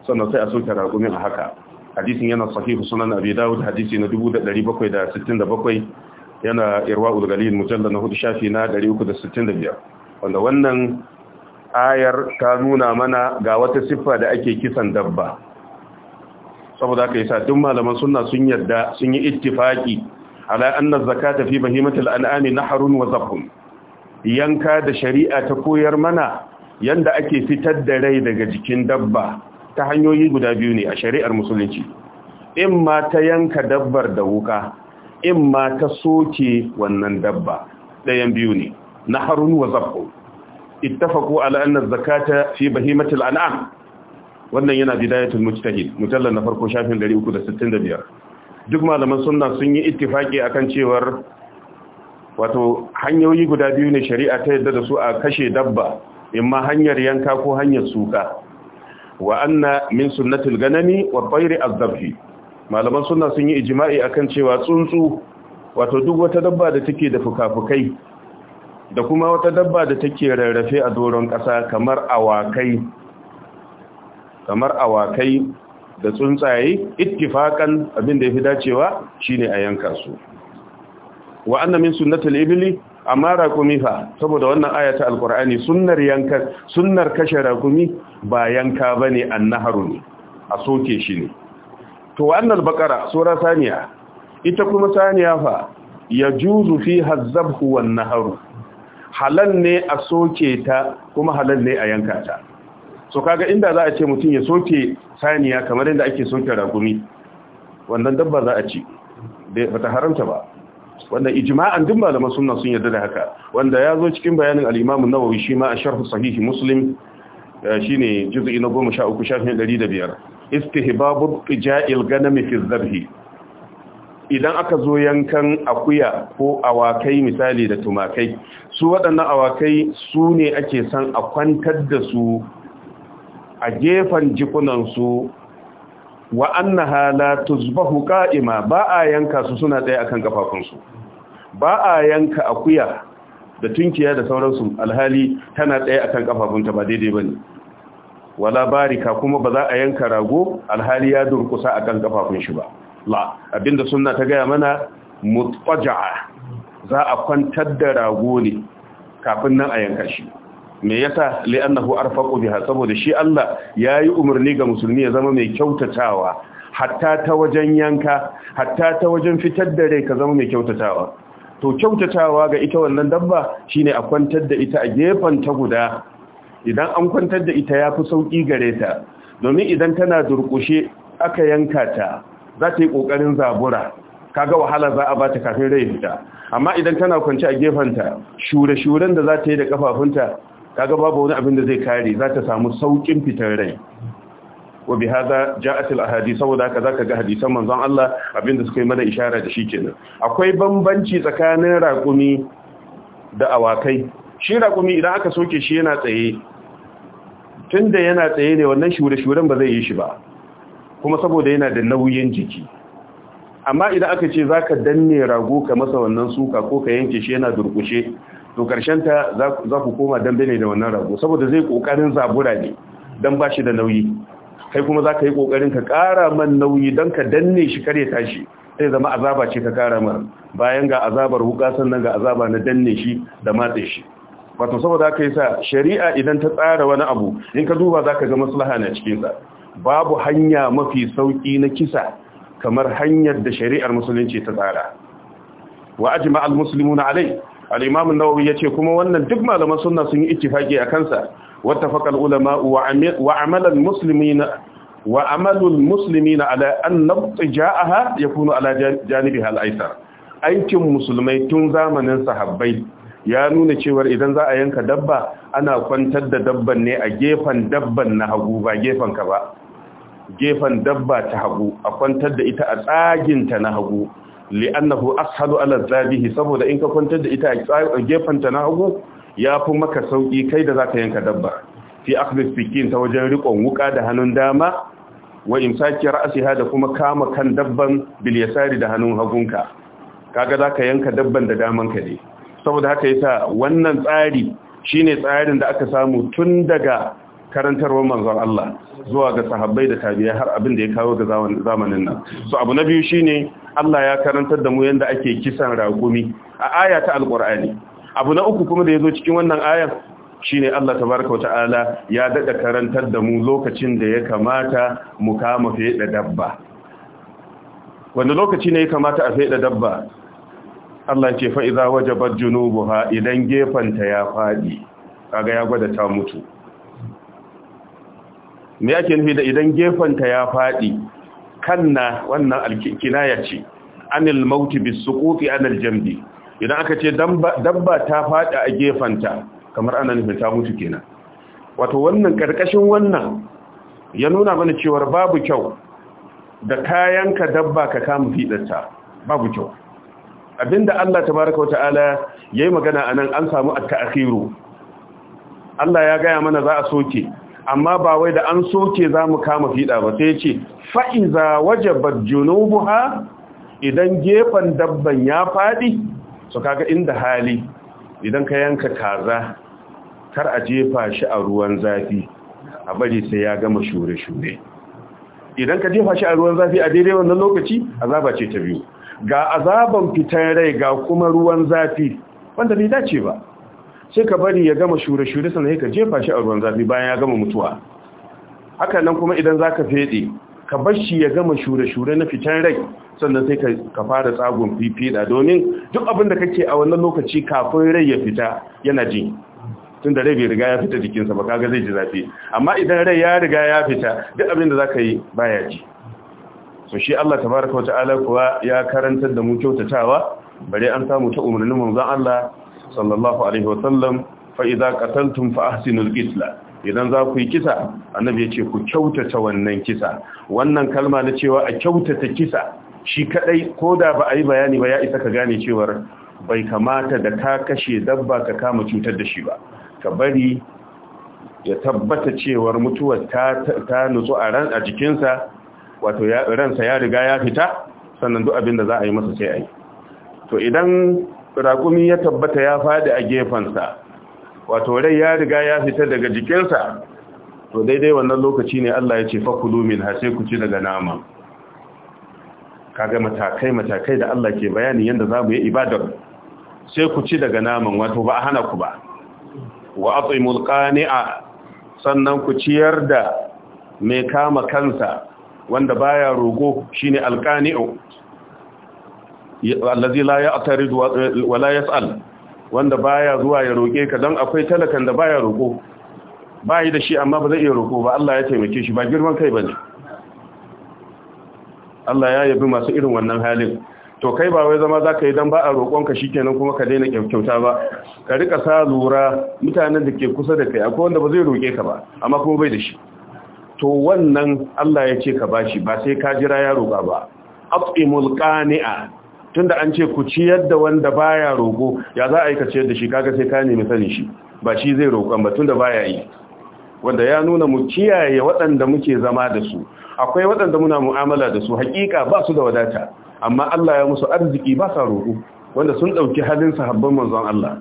sannan sai a soke ragumin a haka hadisin yana sahihu sunan abi dawud hadisi na 1767 yana irwaul galil mujallad na hudu shafi na 365 wanda wannan ayar ta nuna mana ga wata siffa da ake kisan dabba saboda kai yasa duk malaman sunna sun yarda sun yi ittifaki ala anna zakata fi bahimatil an'ami naharun wa zabhun yanka da shari'a ta koyar mana yanda ake fitar da rai daga jikin dabba ta hanyoyi guda biyu ne a shari'ar musulunci in ma ta yanka dabbar da wuka in ma ta soke wannan dabba ɗayan biyu ne na harun wa zafo ittafaku ala anna zakata fi bahimatil an'am wannan yana bidayatul mujtahid mujallal na farko shafin 365 duk malaman sunna sun yi ittifaki akan cewar wato hanyoyi guda biyu ne shari'a ta yadda da su a kashe dabba imma hanyar yanka ko hanyar suka wa anna min sunnatul ganami wa bayri az-zabhi malaman sunna sun yi ijma'i akan cewa tsuntsu wato duk wata dabba da take da fukafukai da kuma wata dabba da take rarrafe a doron ƙasa kamar awakai kamar awakai da tsuntsaye ittifakan abin da yafi dacewa shine a yanka su wa anna min sunnatil ibli amma rakumi saboda wannan ayata alqur'ani sunnar yanka sunnar kashe rakumi ba yanka bane annaharu ne a soke shi ne to wannan bakara sura saniya ita kuma saniya fa yajuzu fiha az wan-naharu halal ne a soke ta kuma halal ne a yanka ta so kaga inda za a ce mutum ya soke saniya kamar inda ake soke rakumi wannan dabba za a ci bai ta haramta ba wanda ijma'an duk malaman sunna sun yarda da haka wanda ya zo cikin bayanin al-Imam an-Nawawi shi ma a sharh sahih Muslim eh, shine juz'i na 13 shafin 105 istihbabu ija'il ganam fi dhabhi idan aka zo yankan akuya ko awakai misali da tumakai su waɗannan awakai su ne ake san a kwantar da su a gefen jikunansu wa annaha la tuzbahu qa'ima ba a yanka su suna tsaye akan kafafunsu ba a yanka akuya da tunkiya da sauransu alhali tana tsaye akan kafafunta ba daidai bane wala barika kuma ba za a yanka rago alhali ya durkusa akan kafafun shi ba la abinda sunna ta gaya mana mutqaja'a za a kwantar da rago ne kafin nan a yanka shi me yasa li'annahu arfaqu biha saboda shi Allah ya yi umarni ga musulmi ya zama mai kyautatawa hatta ta wajen yanka hatta ta wajen fitar da rai ka zama mai kyautatawa to kyautatawa ga ita wannan dabba shine a kwantar da ita a gefen ta guda idan an kwantar da ita yafi sauki gare ta domin idan tana durkushe aka yanka ta za ta yi kokarin zabura kaga wahala za a bata kafin rai fita amma idan tana kwance a gefen ta shure-shuren da za ta yi da kafafunta kaga babu wani abin da zai kare za ta samu saukin fitar rai wa bi hada ja'at al ahadith saboda haka zaka ga hadisan manzon Allah abin da suka yi mana ishara da shi kenan akwai bambanci tsakanin raƙumi da awakai shi raƙumi idan aka soke shi yana tsaye tunda yana tsaye ne wannan shure-shuren ba zai yi shi ba kuma saboda yana da nauyin jiki amma idan aka ce zaka danne rago ka masa wannan suka ko ka yanke shi yana durkushe to karshen ta za ku koma dambe ne da wannan rago saboda zai kokarin zabura ne dan ba shi da nauyi kai kuma za ka yi ƙoƙarin ka ƙara man nauyi don ka danne shi kare tashi sai zama azaba ce ka ƙara man bayan ga azabar wuka sannan ga azaba na danne shi da matse shi wato saboda ka yi sa shari'a idan ta tsara wani abu in ka duba za ka ga maslaha a cikinsa babu hanya mafi sauƙi na kisa kamar hanyar da shari'ar musulunci ta tsara wa ajma al muslimuna alai al imam an-nawawi yace kuma wannan duk malaman sunna sun yi ittifaqi akan sa واتفق العلماء وعمل المسلمين وعمل المسلمين على أن اضطجاءها يكون على جانبها الأيسر aikin musulmai tun zamanin sahabbai ya nuna cewar idan za a yanka dabba ana kwantar da dabban ne a gefen dabban na hagu ba gefen ka ba gefen dabba ta hagu a kwantar da ita a tsaginta na hagu li'annahu ashalu ala zabihi saboda in ka kwantar da ita a gefen ta na hagu ya fi maka sauƙi kai da za ka yanka dabba fi akhdhi sikin ta wajen rikon wuka da hannun dama wa imsaki ra'siha da kuma kama kan dabban bil da hannun hagunka kaga ka yanka dabban da daman ka ne saboda haka yasa wannan tsari shine tsarin da aka samu tun daga karantarwar manzon Allah zuwa ga sahabbai da tabi'ai har abin da ya kawo ga zamanin nan so abu na biyu shine Allah ya karantar da mu yadda ake kisan ragumi a aya ta alqur'ani abu na uku kuma da ya zo cikin wannan ayar shine Allah tabaraka ta'ala ya dada karantar da mu lokacin da ya kamata mu kama da dabba wanda lokaci ne ya kamata a da dabba Allah ce fa bar wajabat junubuha idan gefanta ya fadi kaga ya gwada ta mutu me yake nufi da idan gefanta ya fadi kanna wannan alkinaya ce anil mauti bisuquti anil jambi idan aka ce dabba ta faɗi a gefanta kamar ana nufin ta mutu kenan wato wannan karkashin wannan ya nuna mana cewar babu kyau da kayan ka dabba ka kama fidarta babu kyau abinda Allah tabaraka wata'ala yayi magana anan an samu at-ta'khiru Allah ya gaya mana za a soke amma ba wai da an soke za mu kama fida ba sai ce fa'iza wajabat junubuha idan gefen dabban ya fadi so kaga inda hali idan ka yanka kaza kar a jefa shi a ruwan zafi a bari sai ya gama shure-shure idan ka jefa shi a ruwan zafi a daidai wannan lokaci azaba ce ta biyu ga azaban fitan rai ga kuma ruwan zafi wanda bai dace ba sai ka bari ya gama shure-shure sannan ka jefa shi a ruwan zafi bayan ya gama mutuwa haka nan kuma idan za ka fede ka bar shi ya gama shure-shure na fitan rai sannan sai ka fara tsagun fifida domin duk abin da kake a wannan lokaci kafin rai ya fita yana ji tun da rai bai riga ya fita jikinsa ba kaga zai ji zafi amma idan rai ya riga ya fita duk abin da za ka yi baya ji so shi Allah tabaraka wa ta'ala kuwa ya karantar da mu kyautatawa bare an samu ta umarnin manzon Allah sallallahu alaihi wa sallam fa idza qataltum fa ahsinul qitla idan za ku yi kisa annabi ya ce ku kyautata wannan kisa wannan kalma na cewa a kyautata kisa shi kadai ko da ba a yi bayani ba ya isa ka gane cewar bai kamata da ka kashe dabba ka kama cutar da shi ba ka bari ya tabbata cewar mutuwar ta, nutsu a ran a jikinsa wato ransa ya riga ya fita sannan duk abin da za a yi masa sai a yi to idan raƙumi ya tabbata ya faɗi a gefansa. wato rai ya riga ya fita daga jikinsa to daidai wannan lokaci ne Allah ya ce fakulu min ha ku ci daga nama kaga matakai matakai da Allah ke bayani yanda za mu yi ibadar sai ku ci daga naman wato ba a hana ku ba wa atimul qani'a sannan ku ciyar da mai kama kansa wanda baya rogo shine alqani'u allazi la ya'tarid wa la yas'al wanda baya zuwa ya roƙe ka don akwai talakan da baya roƙo ba yi da shi amma ba zai iya roƙo ba Allah ya taimake shi ba girman kai ba ne Allah ya yabi masu irin wannan halin to kai ba wai zama za ka yi don ba a roƙonka shi kenan kuma ka daina kyauta ba ka rika sa lura mutanen da ke kusa da kai akwai wanda ba zai roƙe ka ba amma kuma bai da shi to wannan Allah ya ce ka bashi ba sai ka jira ya roƙa ba at'imul qani'a tunda an ce ku ciyar da wanda baya roƙo ya za a yi ka ciyar da shi kaga sai ka nemi sanin shi ba shi zai roƙon ba tunda baya yi wanda ya nuna mu kiyaye waɗanda muke zama da su akwai waɗanda muna mu'amala da su hakika ba su da wadata amma Allah ya musu arziki ba sa roƙo wanda sun ɗauki halin sahabban manzon Allah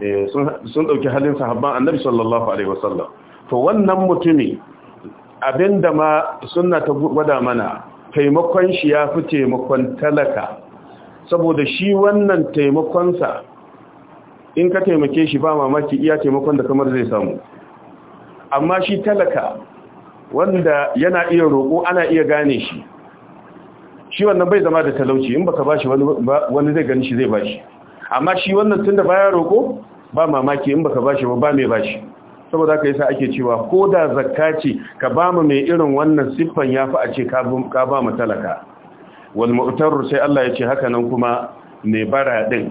eh, sun ɗauki halin sahabban annabi sallallahu alaihi wasallam to wannan mutumi abinda ma sunna ta gwada mana taimakon shi ya fi taimakon talaka saboda shi wannan taimakonsa in ka taimake shi ba mamaki iya taimakon da kamar zai samu amma shi talaka wanda yana iya roƙo ana iya gane shi shi wannan bai zama da talauci in baka bashi wani zai gani shi zai bashi amma shi wannan tun da baya roƙo ba mamaki in baka bashi ba ba mai bashi saboda yi yasa ake cewa ko da zakka ce ka ba mu mai irin wannan siffan yafi a ce ka ba mu talaka wal sai Allah ya ce haka nan kuma mai bara din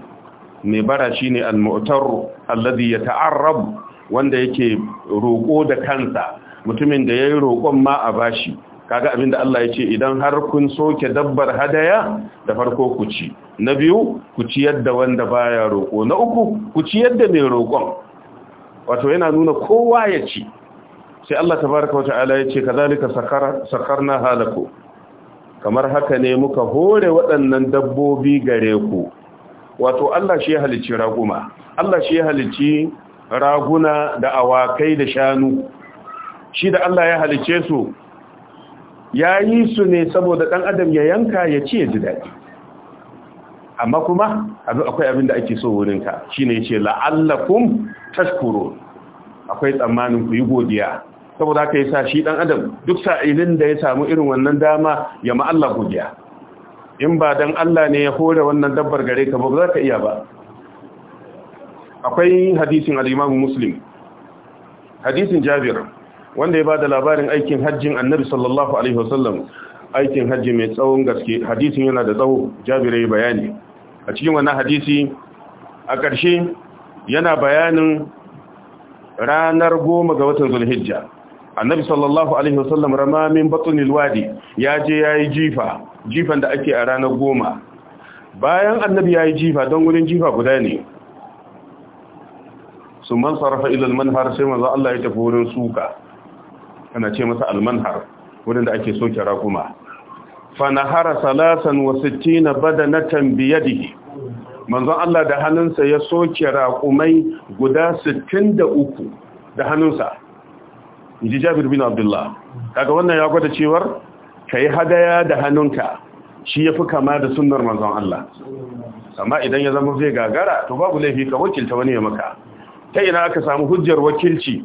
mai bara shine al mu'tar alladhi yata'arrab wanda yake roko da kansa mutumin da yayi roƙon ma a bashi kaga da Allah ya ce idan har kun soke dabbar hadaya da farko ku ci na biyu ku ciyar da wanda baya roƙo. na uku ku ciyar da mai roƙon wato yana nuna kowa ya ci sai Allah tabaraka wa ta'ala ya ce kazalika sakarna halaku kamar haka ne muka hore waɗannan dabbobi gare ku wato Allah shi ya halicci raguma Allah shi ya halicci raguna da awakai da shanu shi da Allah ya halicce su ya yi su ne saboda ɗan adam ya yanka ya ci ya ji daɗi amma kuma akwai abin da ake so wurinka shi ne ce la'allakum tashkuru akwai tsammanin ku yi godiya saboda haka sa shi dan adam duk sa'ilin da ya samu irin wannan dama ya ma godiya in ba dan Allah ne ya hore wannan dabbar gare ka ba za ka iya ba akwai hadisin al-Imam Muslim hadisin Jabir wanda ya bada labarin aikin hajjin Annabi sallallahu alaihi wasallam aikin hajji mai tsawon gaske hadisin yana da tsawo Jabir ya bayani a cikin wannan hadisi a ƙarshe yana bayanin ranar goma ga watan zulhijja annabi sallallahu alaihi wasallam ramamin batnil wadi ya je yayi jifa jifan da ake a ranar goma bayan annabi yayi jifa don gurin jifa guda ne su man sarrafa ila almanhar sai manzo Allah ya tafi wurin suka ana ce masa almanhar wurin da ake soke raguma fa nahara salasan wa sittina badanatan bi yadihi manzon Allah da hannunsa ya soke raƙumai guda 63 da hannunsa inji Jabir bin Abdullah kaga wannan ya gwada cewar kai hadaya da hannunka shi yafi kama da sunnar manzon Allah amma idan ya zama zai gagara to babu laifi ka wakilta wani ya maka ta ina aka samu hujjar wakilci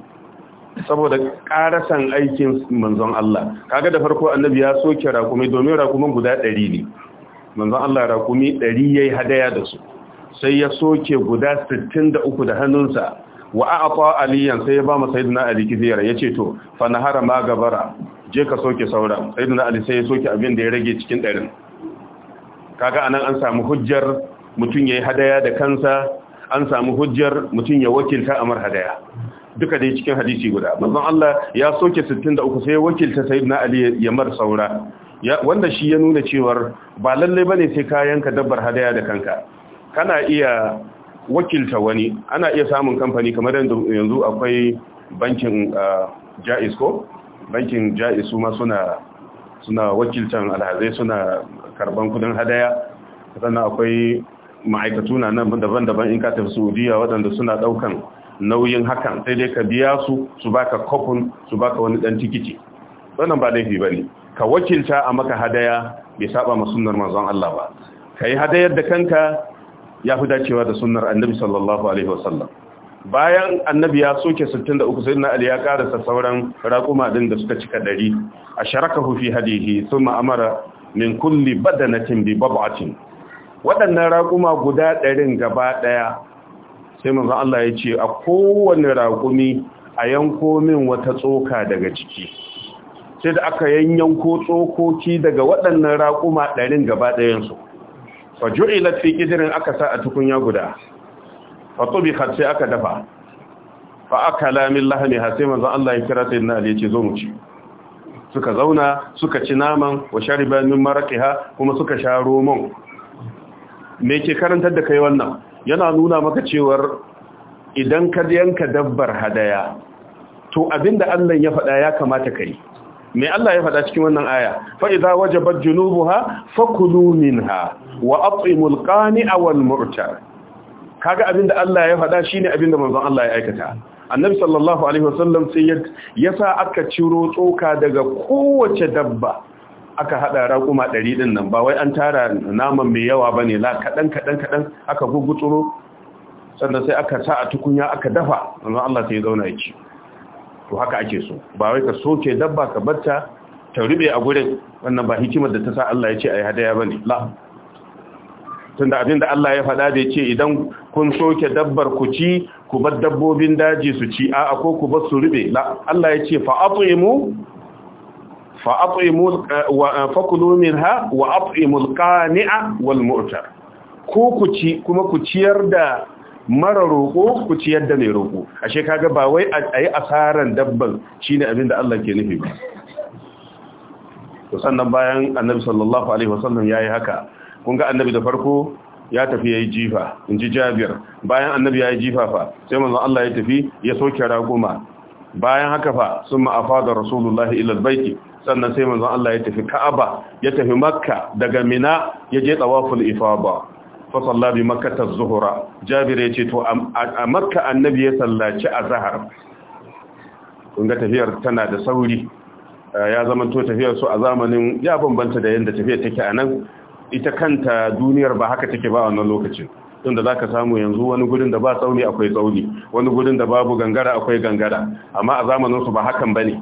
saboda karasan aikin manzon Allah kaga da farko annabi ya soke raƙumai domin raƙuman guda 100 ne Manzan Allah ya raƙumi 100 yayi hadaya da su sai ya soke guda 63 da hannunsa wa a'ata aliyan sai ya ba mu sayyidina ali Ya yace to fa nahara ma gabara je ka soke saura sayyidina ali sai ya soke abin da ya rage cikin ɗarin kaga anan an samu hujjar mutun yayi hadaya da kansa an samu hujjar mutun ya wakilta amar hadaya duka dai cikin hadisi guda manzon Allah ya soke 63 sai ya wakilta sayyidina ali ya mar saura wanda shi ya nuna cewar ba lallai bane sai ka yanka dabbar hadaya da kanka kana iya wakilta wani ana iya samun kamfani kamar yanzu akwai bankin jais ko bankin jais su suna suna wakiltan alhazai suna karban kudin hadaya sannan akwai ma'aikatu na nan daban-daban in ka tafi saudiya waɗanda suna ɗaukan nauyin hakan sai dai ka biya su su baka kofin su baka wani ɗan tikiti wannan ba laifi ba ne ka wakilta a maka hadaya bai saba ma sunnar manzon Allah ba kai hadayar da kanka ya fi dacewa da sunnar annabi sallallahu alaihi wasallam bayan annabi ya soke 63 sayyidina ali ya karasa sauran raquma din da suka cika a asharakahu fi hadihi thumma amara min kulli badanatin bi bab'atin wadannan raquma guda 100 gaba daya sai manzo Allah ya ce a kowanne raqumi a yanko min wata tsoka daga ciki sai da aka yanyanko tsokoki daga waɗannan raƙuma ɗarin gaba ɗayansu fa na fi ƙidirin aka sa a tukunya guda fa har sai aka dafa fa aka lamin lahani har sai Allah ya kira sayyidina Ali ce zo mu ci suka zauna suka ci naman wa shariba min maraƙiha kuma suka sha romon me ke karantar da kai wannan yana nuna maka cewar idan ka yanka dabbar hadaya to abinda Allah ya faɗa ya kamata kai me Allah ya faɗa cikin wannan aya fa idza wajabat junubuha fakulu minha wa at'imul qani'a wal mu'tar kaga abinda Allah ya faɗa shine abinda manzon Allah ya aikata annabi sallallahu alaihi wasallam sai ya aka ciro tsoka daga kowace dabba aka hada raƙuma 100 din nan ba wai an tara naman mai yawa bane la kadan kadan kadan aka gugutsuro sannan sai aka sa a tukunya aka dafa manzon Allah sai ya zauna ya to haka ake so ba wai ka soke dabba ka barta ta rube a gurin wannan ba hikimar da ta sa Allah ya ce ayi hadaya bane la tunda abinda Allah ya faɗa da yace idan kun soke dabbar ku ci ku bar dabbobin daji su ci a'a ko ku bar su rube la Allah ya ce fa at'imu fa at'imu wa fakulu minha wa at'imul qani'a wal mu'tar ku ku ci kuma ku ciyar da mara roƙo ku ciyar da mai roƙo ashe kaga ba wai a yi asaran dabban shine abin da Allah ke nufi ba to sannan bayan annabi sallallahu alaihi wasallam yi haka kun ga annabi da farko ya tafi yi jifa inji Jabir bayan annabi yayi jifa fa sai manzon Allah ya tafi ya soke raguma bayan haka fa ma'afa da rasulullahi ila albayt sannan sai manzon Allah ya tafi Ka'aba ya tafi Makka daga Mina ya je tawaful Ifaba. fa salla bi makkata az-zuhra jabir yace to a makka annabi ya sallaci azhar kun ga tafiyar tana da sauri ya to tafiyar su a zamanin ya bambanta da yanda tafiyar take a nan ita kanta duniyar ba haka take ba a wannan lokacin tunda zaka samu yanzu wani gurin da ba tsauni akwai tsauni wani gurin da babu gangara akwai gangara amma a zamanin su ba hakan bane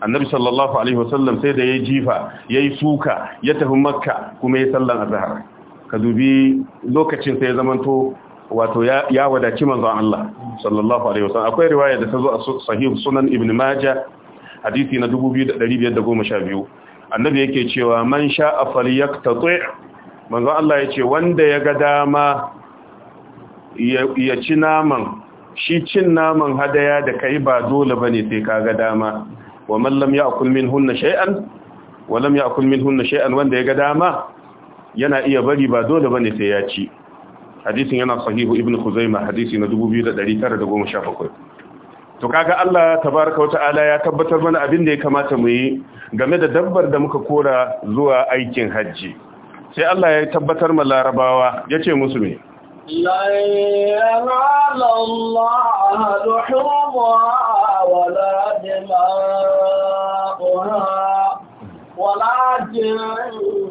annabi sallallahu alaihi wasallam sai da ya jifa yayi suka ya tafi makka kuma ya sallan azhar ka dubi lokacin sai zamanto wato ya wadaci manzo Allah sallallahu alaihi wasallam akwai riwaya da ta zo a sahih sunan ibn majah hadisi na 2512 annabi yake cewa man sha'a falyaktati manzo Allah yace wanda ya ga dama ya ci naman shi cin naman hadaya da kai ba dole bane sai ka ga dama wa man lam ya'kul minhunna shay'an wa lam ya'kul minhunna shay'an wanda ya ga dama yana iya bari ba dole bane sai ya ci hadisin yana sahihu ibn khuzaimah hadisi na 2917 to kaga Allah tabaraka wa ta'ala ya tabbatar mana abin da ya kamata mu yi game da dabbar da muka kora zuwa aikin hajji sai Allah ya tabbatar ma larabawa yace musu me Allah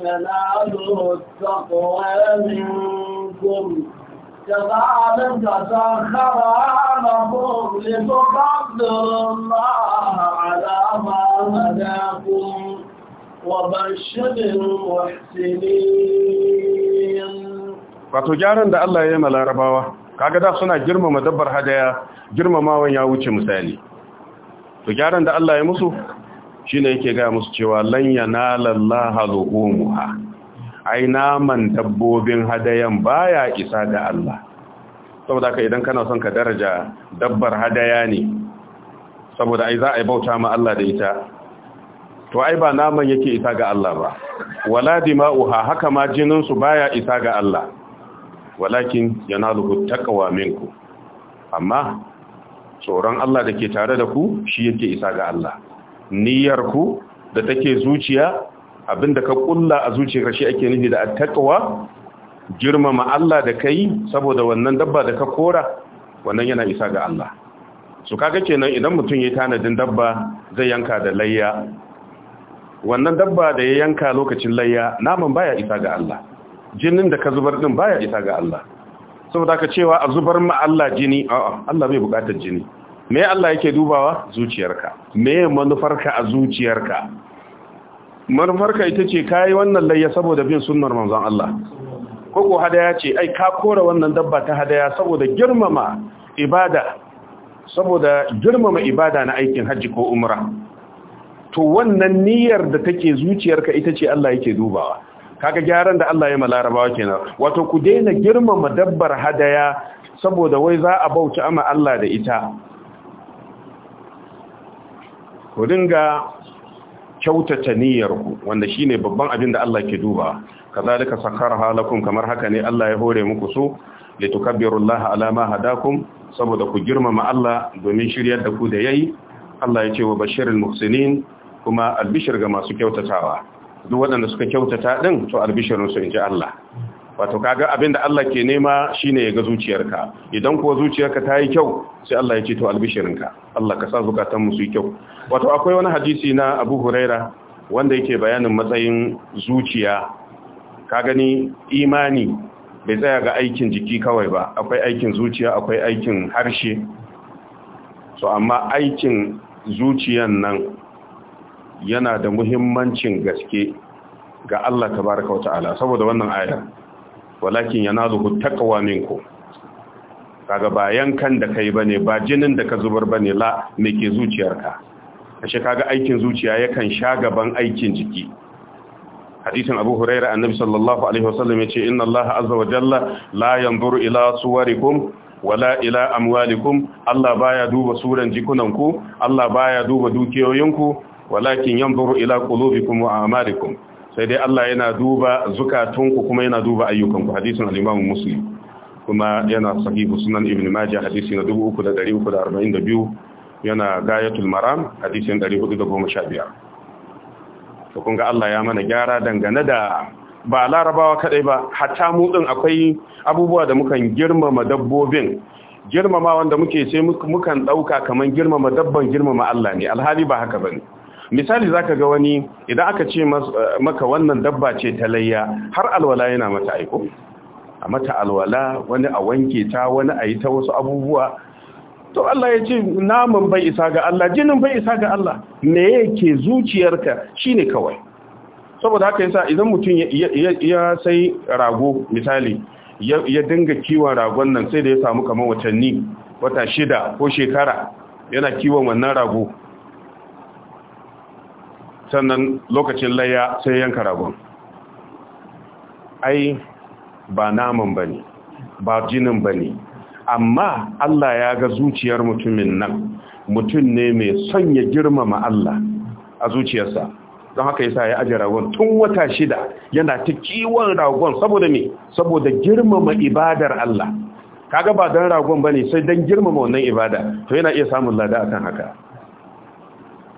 تناله التقوى منكم كذلك سخرها لكم الله على ما هداكم وبشر المحسنين wato gyaran da Allah ya yi larabawa kaga da suna girmama dabbar hadaya girmamawan ya wuce misali to gyaran da Allah ya musu shine yake gaya musu cewa lanya lallaha Allah zuhumuha ai naman dabbobin hadayan baya isa ga Allah saboda ka idan kana son ka daraja dabbar hadaya ne saboda ai za a bauta ma Allah da ita to ai ba naman yake isa ga Allah ba wala dima'uha haka ma jininsu su baya isa ga Allah walakin yanaluhu taqwa minku amma tsoron Allah da ke tare da ku shi yake isa ga Allah Niyyar ku da take zuciya abinda ka kulla a zuciyar shi ake nufi da attaqwa girmama Allah da kai saboda wannan dabba da ka kora wannan yana isa ga Allah su kaga kenan idan mutum ya tanadin dabba zai yanka da layya wannan dabba da ya yanka lokacin layya naman baya isa ga Allah jinin da ka zubar din baya isa ga Allah saboda ka cewa a zubar ma Allah jini a'a Allah bai bukatar jini me Allah yake dubawa zuciyarka me manufarka a zuciyarka manufarka ita ce kayi wannan layya saboda bin sunnar manzon Allah koko hadaya ce ai ka kora wannan dabba ta hadaya saboda girmama ibada saboda girmama ibada na aikin hajji ko umra to wannan niyyar da take zuciyarka ita ce Allah yake dubawa kaga gyaran da Allah ya ma larabawa kenan wato ku daina girmama dabbar hadaya saboda wai za a bauta ama Allah da ita ku dinga kyautata niyyarku wanda shine babban abin da Allah ke duba kazalika sakharha lakum kamar haka ne Allah ya hore muku su litukabbirullaha ala ma hadakum saboda ku girmama Allah domin shiryar da ku da yayi Allah ya ce wa bashirul muhsinin kuma albishir ga masu kyautatawa duk waɗanda suka kyautata din to albishirin su inji Allah wato kaga abinda Allah ke nema shine ya ga zuciyarka idan kuwa zuciyarka ta yi kyau sai Allah ya ce to albishirinka Allah ka sa zukatan mu su yi kyau wato akwai wani hadisi na Abu Huraira wanda yake bayanin matsayin zuciya ka gani imani bai tsaya ga aikin jiki kawai ba akwai aikin zuciya akwai aikin harshe so amma aikin zuciyan nan yana da muhimmancin gaske ga Allah tabaraka ta'ala saboda wannan ayar walakin yanaluhu taqwa minku. kaga ba yankan da ka bane ba jinin da ka zubar bane la mai ke zuciyarka ashe kaga aikin zuciya yakan sha gaban aikin jiki hadisin abu huraira annabi sallallahu alaihi wasallam yace inna allaha azza wa jalla la yanzuru ila suwarikum wala ila amwalikum Allah baya duba suran jikunanku Allah baya duba dukiyoyinku walakin yanzuru ila qulubikum wa a'malikum sai dai Allah yana duba zukatunku kuma yana duba ayyukanku hadisin al-Imam Muslim kuma yana sahihu sunan Ibn Majah hadisi na 3342 yana gayatul maram hadisin 415 to kun ga Allah ya mana gyara dangane da ba larabawa kadai ba hatta mu din akwai abubuwa da mukan girmama dabbobin girmama wanda muke sai mukan dauka kaman girmama dabban girmama Allah ne alhali ba haka bane misali zaka ga wani idan aka ce maka wannan dabba ce ta layya har alwala yana mata aiko a mata alwala wani a wanke ta wani a yi ta wasu abubuwa to Allah ya ce naman bai isa ga Allah jinin bai isa ga Allah me yake zuciyarka shine kawai saboda haka yasa idan mutum ya sai rago misali ya dinga kiwon ragon nan sai da ya samu kamar watanni wata shida ko shekara yana kiwon wannan rago sannan lokacin laya sai yanka ragon ai ba naman ba ne ba jinin ba ne amma Allah ya ga zuciyar mutumin nan mutum ne mai son ya girmama Allah a zuciyarsa don haka yasa ya ajiye ragon tun wata shida yana ta kiwon ragon saboda me saboda girmama ibadar Allah kaga ba don ragon ne sai dan girmama wannan ibada to yana iya samun lada akan haka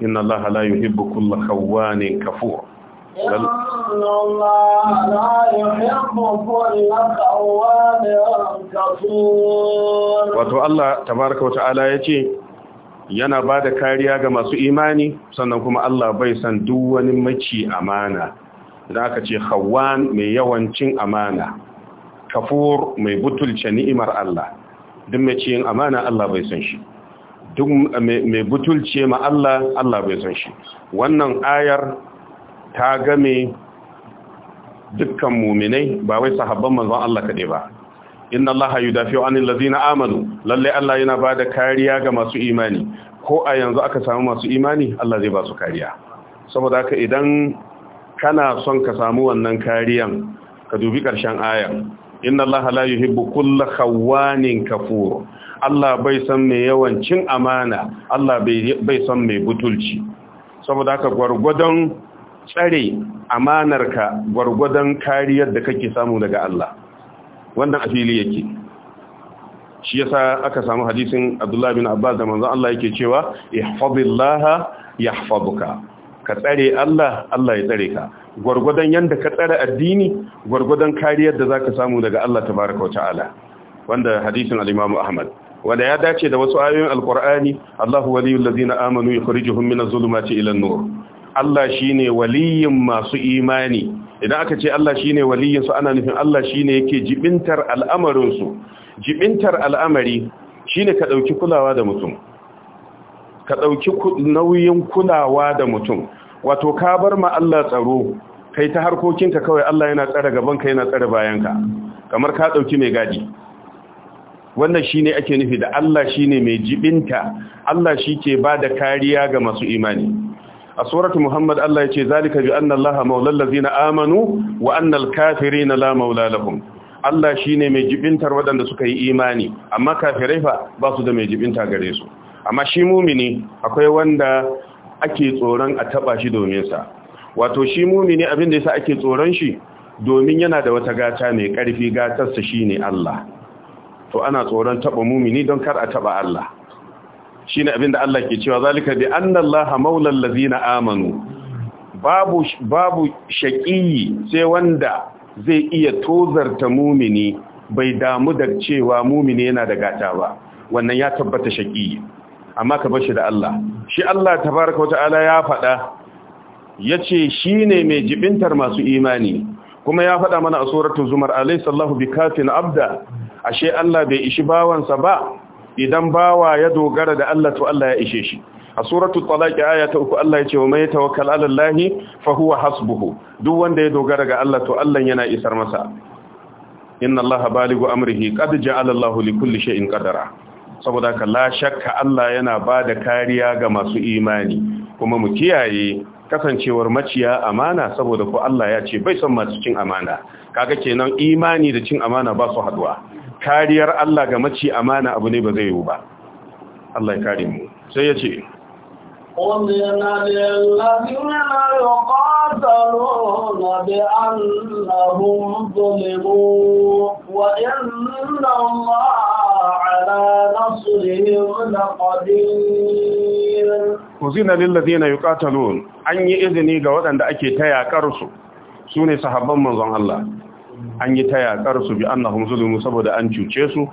inna allaha kafur إن الله لا يحب كل خوان كفور wato Allah tabaraka wa ta'ala yace yana ba da kariya ga masu imani sannan kuma Allah bai san duk wani maci amana idan aka ce khawan mai yawancin amana kafur mai butulce ni'imar Allah duk mai ciyin amana Allah bai san shi duk mai butulce ma Allah Allah bai san shi wannan ayar ta game dukkan muminai ba wai sahabban manzon Allah kaɗai ba inna Allah yudafi'u anil ladina amanu lalle Allah yana bada kariya ga masu imani ko a yanzu aka samu masu imani Allah zai ba su kariya saboda haka idan kana son ka samu wannan kariyan ka dubi ƙarshen ayar. inna Allah la yuhibbu kullu khawanin kafur Allah bai san mai yawan cin amana Allah bai san mai butulci saboda haka gwargwadon tsare amanarka gwargwadon kariyar da kake samu daga Allah wannan a yake shi yasa aka samu hadisin Abdullah bin Abbas da manzon Allah yake cewa ihfazillaha yahfazuka ka tsare Allah Allah ya tsare ka gwargwadon yanda ka tsare addini gwargwadon kariyar da zaka samu daga Allah tabaaraka wa ta'ala wanda hadisin al-Imam Ahmad wanda ya dace da wasu ayoyin alkur'ani Allahu waliyul ladina amanu yukhrijuhum minaz zulumati ila nur Allah shine waliyin masu imani idan aka ce Allah shine waliyin su ana nufin Allah shine yake jibintar al'amarin su jibintar al'amari shine ka dauki kulawa da mutum ka dauki nauyin kulawa da mutum wato ka bar ma Allah tsaro kai ta harkokinka kawai Allah yana tsare gaban ka yana tsare ka. kamar ka dauki mai gadi wannan shi ne ake nufi da Allah shi ne mai jibinta Allah shi ke ba da kariya ga masu imani a tsoratu Muhammad Allah ce zalika bi annan laha maulal zina amanu wa annal na la maula Allah shi ne mai jibintar waɗanda suka yi imani amma kafirai fa ba su da mai jibinta gare su amma shi mumini akwai wanda ake tsoron a taba shi domin sa wato shi mumini abin da sa ake tsoron shi domin yana da wata gata mai ƙarfi gatarsa shi ne Allah to ana tsoron taba mumini don kar a taba Allah shine abinda Allah ke cewa zalika bi anna Allah maulal ladina amanu babu babu shaqiyi sai wanda zai iya tozarta mumini bai damu da cewa mumini yana da gata ba wannan ya tabbata shaqiyi amma ka bar shi da Allah shi Allah tabaaraka wataala ya faɗa yace shine mai jibintar masu imani kuma ya faɗa mana a suratul zumar alaysa Allahu bikafin abda ashe Allah bai ishi bawansa ba idan bawa ya dogara da Allah to Allah ya ishe shi a suratul talaq aya ta uku Allah ya ce wa mai tawakkal ala Allah fa huwa hasbuhu duk wanda ya dogara ga Allah to Allah yana isar masa inna Allah baligu amrihi qad ja'ala Allah li kulli shay'in qadara saboda ka la shakka Allah yana bada kariya ga masu imani kuma mu kiyaye kasancewar maciya amana saboda ko Allah ya ce bai son masu cin amana kaga kenan imani da cin amana ba su haduwa kariyar Allah ga maci amana abu ne ba zai yiwu ba Allah ya kare mu sai yace Kuzina lillazina yuqatalun an yi izini ga waɗanda ake ta yakar su su ne sahabban manzon Allah an yi ta yaƙar su bi annahum saboda an cuce su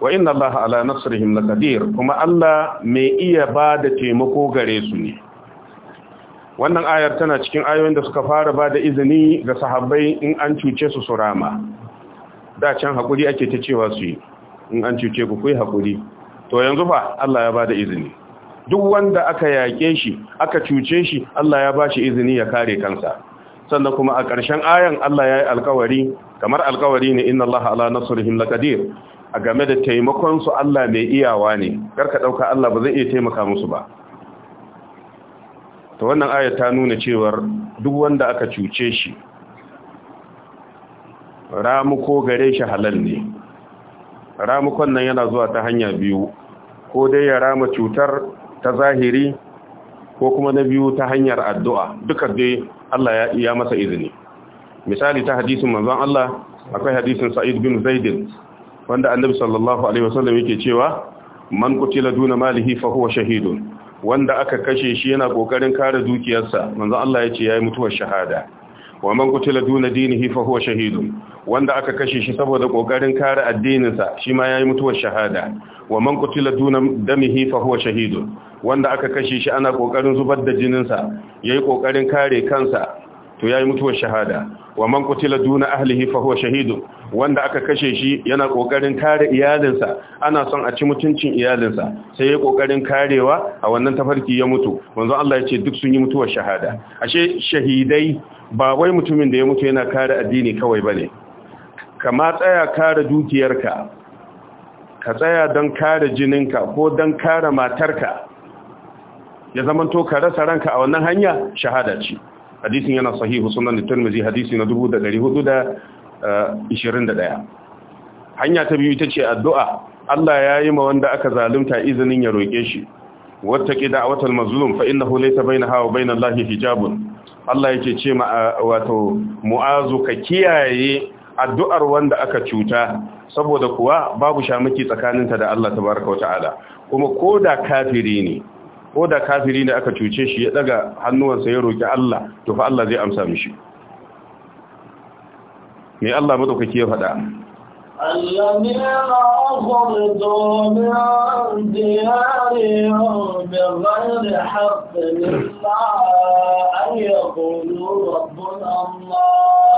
wa inna Allah ala nasrihim kadir kuma Allah mai iya ba da taimako gare su ne wannan ayar tana cikin ayoyin da suka fara ba da izini ga sahabbai in an cuce su su rama da can hakuri ake ta cewa su yi in an cuce ku kai hakuri to yanzu fa Allah ya ba da izini duk wanda aka yaƙe shi aka cuce shi Allah ya ba shi izini ya kare kansa sannan kuma a ƙarshen ayan Allah ya yi alkawari kamar alkawari ne inna Allah ala nasrihim laqadir a game da taimakon su Allah mai iyawa ne karka ɗauka Allah ba zai iya taimaka musu ba Ta wannan ayat ta nuna cewar duk wanda aka cuce shi ramuko gare shi halal ne ramukon nan yana zuwa ta hanya biyu ko dai ya rama cutar ta zahiri ko kuma na biyu ta hanyar addu'a duka dai Allah ya masa izini misali ta hadisin manzon Allah akwai hadisin Sa'id bin Zaid wanda Annabi sallallahu alaihi wasallam yake cewa man kutila duna malihi fa shahidun wanda aka kashe shi yana kokarin kare dukiyarsa manzon Allah ya ce ya yi mutuwar shahada wa man kutila duna dinihi fa shahidun wanda aka kashe shi saboda kokarin kare addininsa shi ma ya yi mutuwar shahada wa man kutila duna damihi fa shahidun wanda aka kashe shi ana kokarin zubar da jininsa yayi kokarin kare kansa to yayi mutuwar shahada wa man qutila duna ahlihi fa huwa wanda aka kashe shi yana kokarin kare iyalinsa ana son a ci mutuncin iyalinsa sai yayi kokarin karewa a wannan tafarki ya mutu manzo Allah ya ce duk sun yi mutuwar shahada ashe shahidai ba wai mutumin da ya mutu yana kare addini kawai bane kama tsaya kare dukiyarka ka tsaya don kare jinin ka ko don kare matarka ya zamanto ka rasa ranka a wannan hanya shahada ce hadisin yana sahihu sunan tirmidhi hadisi na 4421 eh, hanya ta biyu ta ce addu'a Allah ya yi ma wanda aka zalunta izinin ya roke shi wattaqi da'watal mazlum fa innahu laysa bainaha wa bainallahi hijabun Allah yake ce ma eh, wato mu'azu ka kiyaye addu'ar wanda aka cuta saboda kuwa babu shamaki tsakaninta da Allah tabaraka wa ta'ala kuma koda kafiri ne ko da kafiri ne aka cuce shi ya daga hannuwansa ya roki Allah to fa Allah zai amsa mishi me Allah madaukaki ya faɗa الذين أخرجوا من ديارهم بغير حق إلا أن يقولوا ربنا الله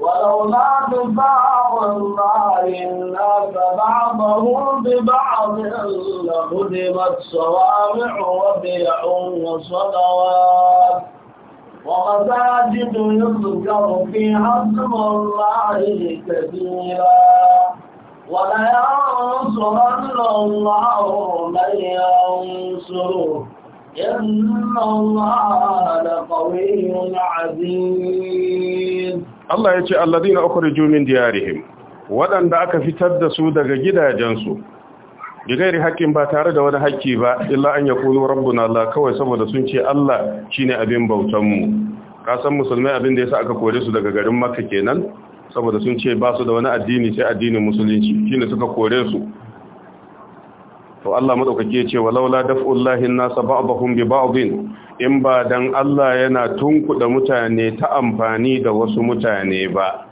ولولا دفاع الله الناس بعضهم ببعض لهدمت صوامع وبيع وصلوات ومساجد يذكر فيها اسم الله كثيرا ولينصرن الله من ينصره allah ya ce Allah الله يجي الذين أخرجوا waɗanda aka fitar da su daga gidajensu bigairi haƙƙin ba tare da wani haƙƙi ba illa an yakulu rabbuna Allah kawai saboda sun ce Allah shi ne abin bautanmu kasan musulmai abin da ya sa aka kore su daga garin maka kenan saboda sun ce ba su da wani addini sai addinin musulunci shi ne suka kore su to Allah madaukake ce walaula daf'ullahi nasa ba'dahum bi ba'dhin in ba dan Allah yana tunkuda mutane ta amfani da wasu mutane ba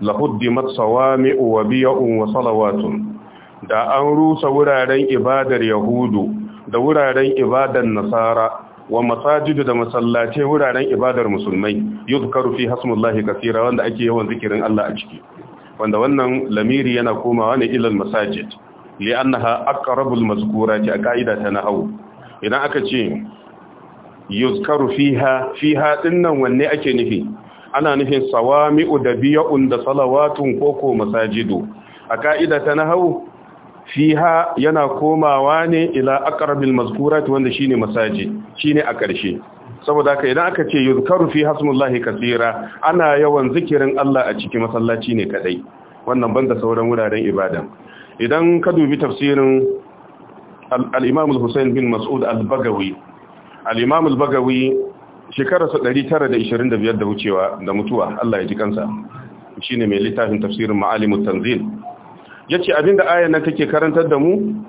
lahuddimat sawami'u wa biya'un wa salawatun da an rusa wuraren ibadar yahudu da wuraren ibadar nasara wa masajidu da masallace wuraren ibadar musulmai yuzkaru fi hasmullahi kaseera wanda ake yawan zikirin Allah a ciki wanda wannan lamiri yana komawa ne ilal masajid li'annaha aqrabul mazkurati a ka'ida ta nahwu idan aka ce yuzkaru fiha fiha dinnan wanne ake nufi ana nufin sawami'u da da salawatun koko masajidu a ka'ida ta nahau fiha yana komawa ne ila aqrabil mazkurati wanda shine masajid shine a ƙarshe saboda haka idan aka ce yuzkaru fi hasmullahi kaseera ana yawan zikirin Allah a cikin masallaci ne kadai wannan banda sauran wuraren ibada idan ka dubi tafsirin al-imam al-husayn bin mas'ud al-bagawi al-imam al-bagawi shekararsa 1925 da wucewa da mutuwa Allah ya ji kansa shine mai littafin tafsirin ma'alimut tanzil yace abinda ayan nan take karantar da mu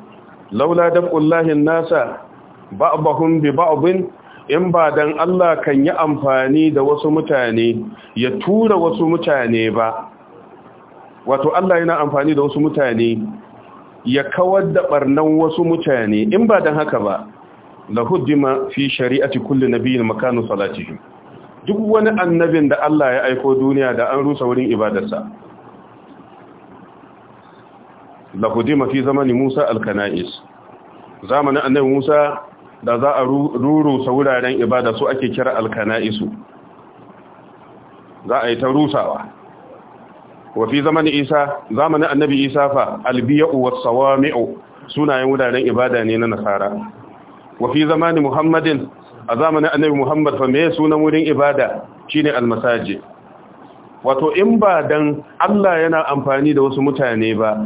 laula dab'ullahi an-nasa ba'dahum bi ba'din in ba dan Allah kan yi amfani da wasu mutane ya tura wasu mutane ba wato Allah yana amfani da wasu mutane ya kawar da barnan wasu mutane in ba dan haka ba la huddima fi shari'ati kulli nabiyyin makanu salatihi duk wani annabin da Allah ya aiko duniya da an rusa wurin ibadarsa la huddima fi zamani Musa al-Kana'is zamanin annabi Musa da za a rurusa wuraren ibada su ake kira al-Kana'isu za a yi ta rusawa wa fi isa zamanin annabi isa fa albiya'u was sunayen wuraren ibada ne na nasara wa zamanin muhammadin a zamanin annabi muhammad fa me sunan wurin ibada shine almasaji wato in ba dan Allah yana amfani da wasu mutane ba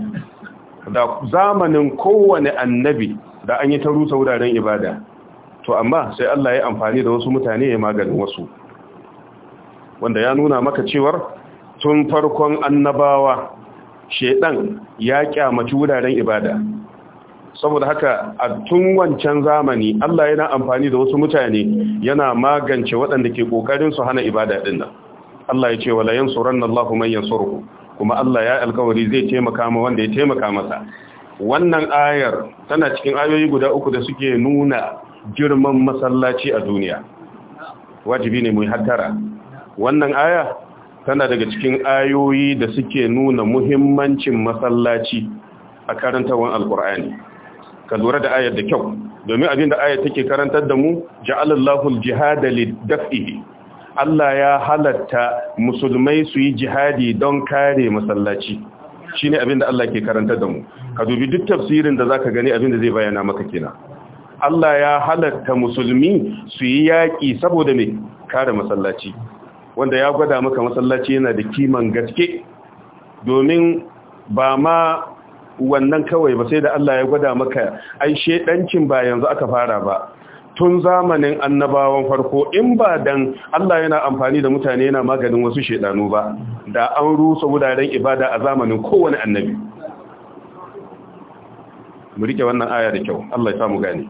da zamanin kowane annabi da an yi ta rusa wuraren ibada to amma sai Allah ya amfani da wasu mutane ya maganin wasu wanda ya nuna maka cewar tun farkon annabawa shedan ya kyamaci wuraren ibada saboda haka a tun wancan zamani Allah yana amfani da wasu mutane yana magance waɗanda ke ƙoƙarin su hana ibada ɗin nan Allah ya ce wala yansuranna Allahu man yansuruhu kuma Allah ya alkawari zai taimaka ma wanda ya taimaka masa wannan ayar tana cikin ayoyi guda uku da suke nuna girman masallaci a duniya wajibi ne mu hattara wannan aya tana daga cikin ayoyi da suke nuna muhimmancin masallaci a karantawan alkur'ani ka lura da ayar da kyau domin abinda ayar take karantar da mu ja'alallahu al-jihada dafi Allah ya halatta musulmai su yi jihadi don kare masallaci shine abinda Allah ke karantar da mu ka dubi duk tafsirin da zaka gani abinda zai bayyana maka kenan Allah ya halatta musulmi su yi yaƙi saboda mai kare masallaci wanda ya gwada maka masallaci yana da kiman gaske domin ba ma wannan kawai ba sai da Allah ya gwada maka ai shedancin ba yanzu aka fara ba tun zamanin annabawan farko in ba dan Allah yana amfani da mutane yana maganin wasu shedanu ba da an rusa wuraren ibada a zamanin kowane annabi mu rike wannan aya da kyau Allah ya samu gane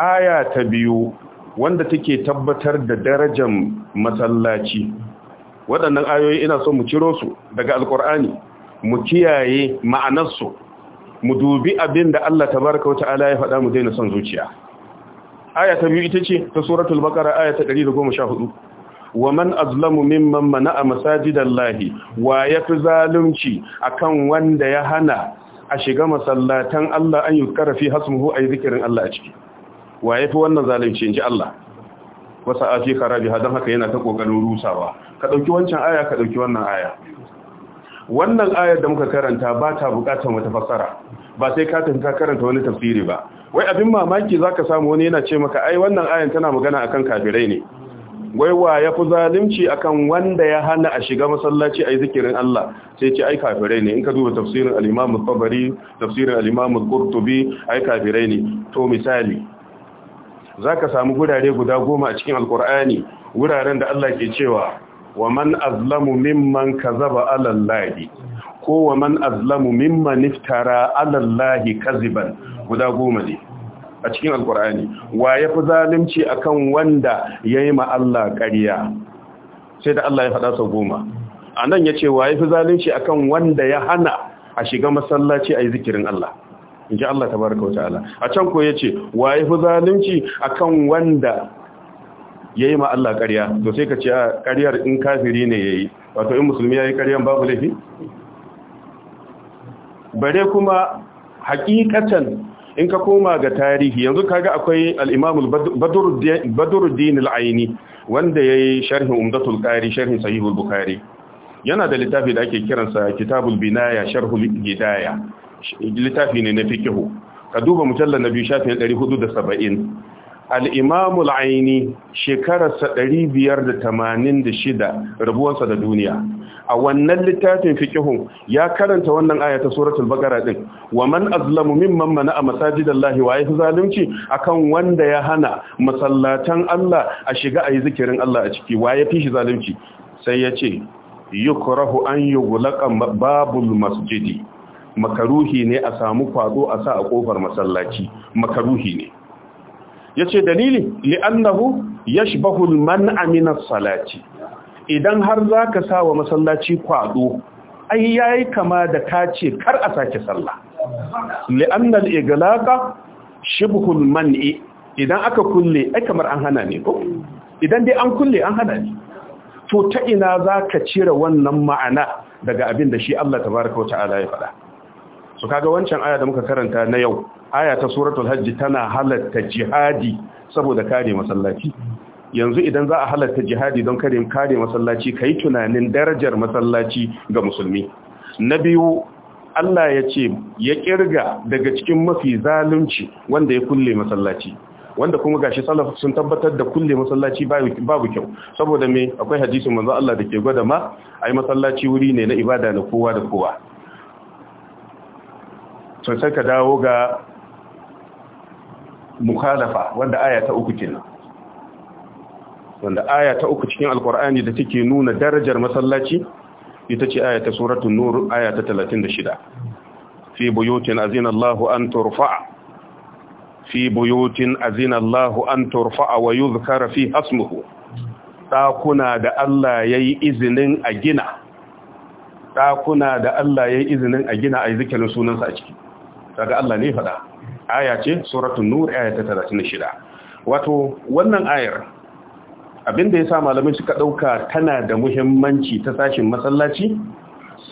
aya ta biyu wanda take tabbatar da darajar masallaci waɗannan ayoyi ina so mu ciro su daga alkur'ani mu kiyaye ma'anarsu mu dubi abin da Allah wata Ala ya faɗa mu daina son zuciya aya ta biyu ita ce ta suratul baqara aya ta 114 wa man azlamu mimman mana'a masajidallahi wa ya fi zalunci akan wanda ya hana a shiga masallatan Allah an yukara fi hasmuhu yi zikirin Allah a ciki wa ya fi wannan zalunci in ji Allah wasa a fi don haka yana ta ƙoƙarin rusawa ka ɗauki wancan aya ka ɗauki wannan aya wannan ayar da muka karanta ba ta buƙatar wata fassara ba sai ka tafi ka karanta wani tafsiri ba wai abin mamaki zaka samu wani yana ce maka ai wannan ayar tana magana akan kafirai ne wai wa ya fi zalunci akan wanda ya hana a shiga masallaci a yi zikirin Allah sai ce ai kafirai ne in ka duba tafsirin al-Imam tafsirin al-Imam qurtubi ai kafirai ne to misali Za ka samu gurare guda goma a cikin alkur'ani wuraren da Allah ke cewa wa man azlamu mimman kazaba ala ko wa man azlamu mimman niftara alallahi kaziban guda goma ne a cikin alkur'ani wa ya zalimci zalunci akan wanda ya ma Allah ƙarya sai da Allah ya faɗa sau goma a nan ya ce wa ya fi zalunci akan wanda ya hana a shiga masallaci a yi zikirin Allah in ji Allah tabaraka wa ta'ala a can ko yace waye fi zalunci a kan wanda yayi ma Allah ƙarya to sai ka ce a ƙaryar in kafiri ne ya yi. wato in musulmi ya yi ƙaryan babu laifi bare kuma hakikatan in ka koma ga tarihi yanzu kaga akwai al’imamul imam dini badruddin wanda ya wanda sharhin Umdatul ƙari, sharhin sahihul bukari yana da littafi da ake kiransa Kitabul Binaya Sharhul hidaya". littafi ne na fikihu ka duba mujallar na biyu shafin 470 al'imamu al'aini shekararsa 586 rabuwarsa da duniya a wannan littafin fikihun ya karanta wannan aya ta suratul baqara din wa man azlamu mimman mana'a masajidallahi wa fi zalunci akan wanda ya hana masallatan Allah a shiga ayi zikirin Allah a ciki wa ya fi shi zalunci sai ya ce yukrahu an yughlaqa babul masjidi makaruhi ne a samu kwaɗo a sa a ƙofar masallaci makaruhi ne yace dalili li'annahu yashbahu al-man'a min as idan har zaka sa wa masallaci kwado ai yayi kama da kace kar a sake sallah li'anna al-iglaqa mani idan aka kulle ai kamar an hana ne ko idan dai an kulle an hana ne to ta ina zaka cire wannan ma'ana daga abin da shi Allah tabaaraka wa ta'ala ya faɗa su kaga wancan aya da muka karanta na yau aya ta suratul hajji tana halatta jihadi saboda kare masallaci yanzu idan za a halatta jihadi don kare kare masallaci kai tunanin darajar masallaci ga musulmi na biyu Allah ya ce ya kirga daga cikin mafi zalunci wanda ya kulle masallaci wanda kuma gashi salaf sun tabbatar da kulle masallaci babu kyau saboda me akwai hadisin manzo Allah da ke gwada ma ai masallaci wuri ne na ibada na kowa da kowa so sai ka dawo ga mukhalafa wanda aya ta uku kenan wanda aya ta uku cikin alkur'ani da take nuna darajar masallaci ita ce aya ta suratul nur aya ta 36 fi buyutin azina Allahu an turfa fi buyutin azina Allahu an turfa wa yuzkara fi hasmuhu dakuna da Allah yayi izinin a gina dakuna da Allah yayi izinin a gina a zikirin sunansa a ciki kaga Allah ne faɗa aya ce suratul nur aya ta 36 wato wannan ayar abinda yasa malamin suka dauka tana da muhimmanci ta sashin masallaci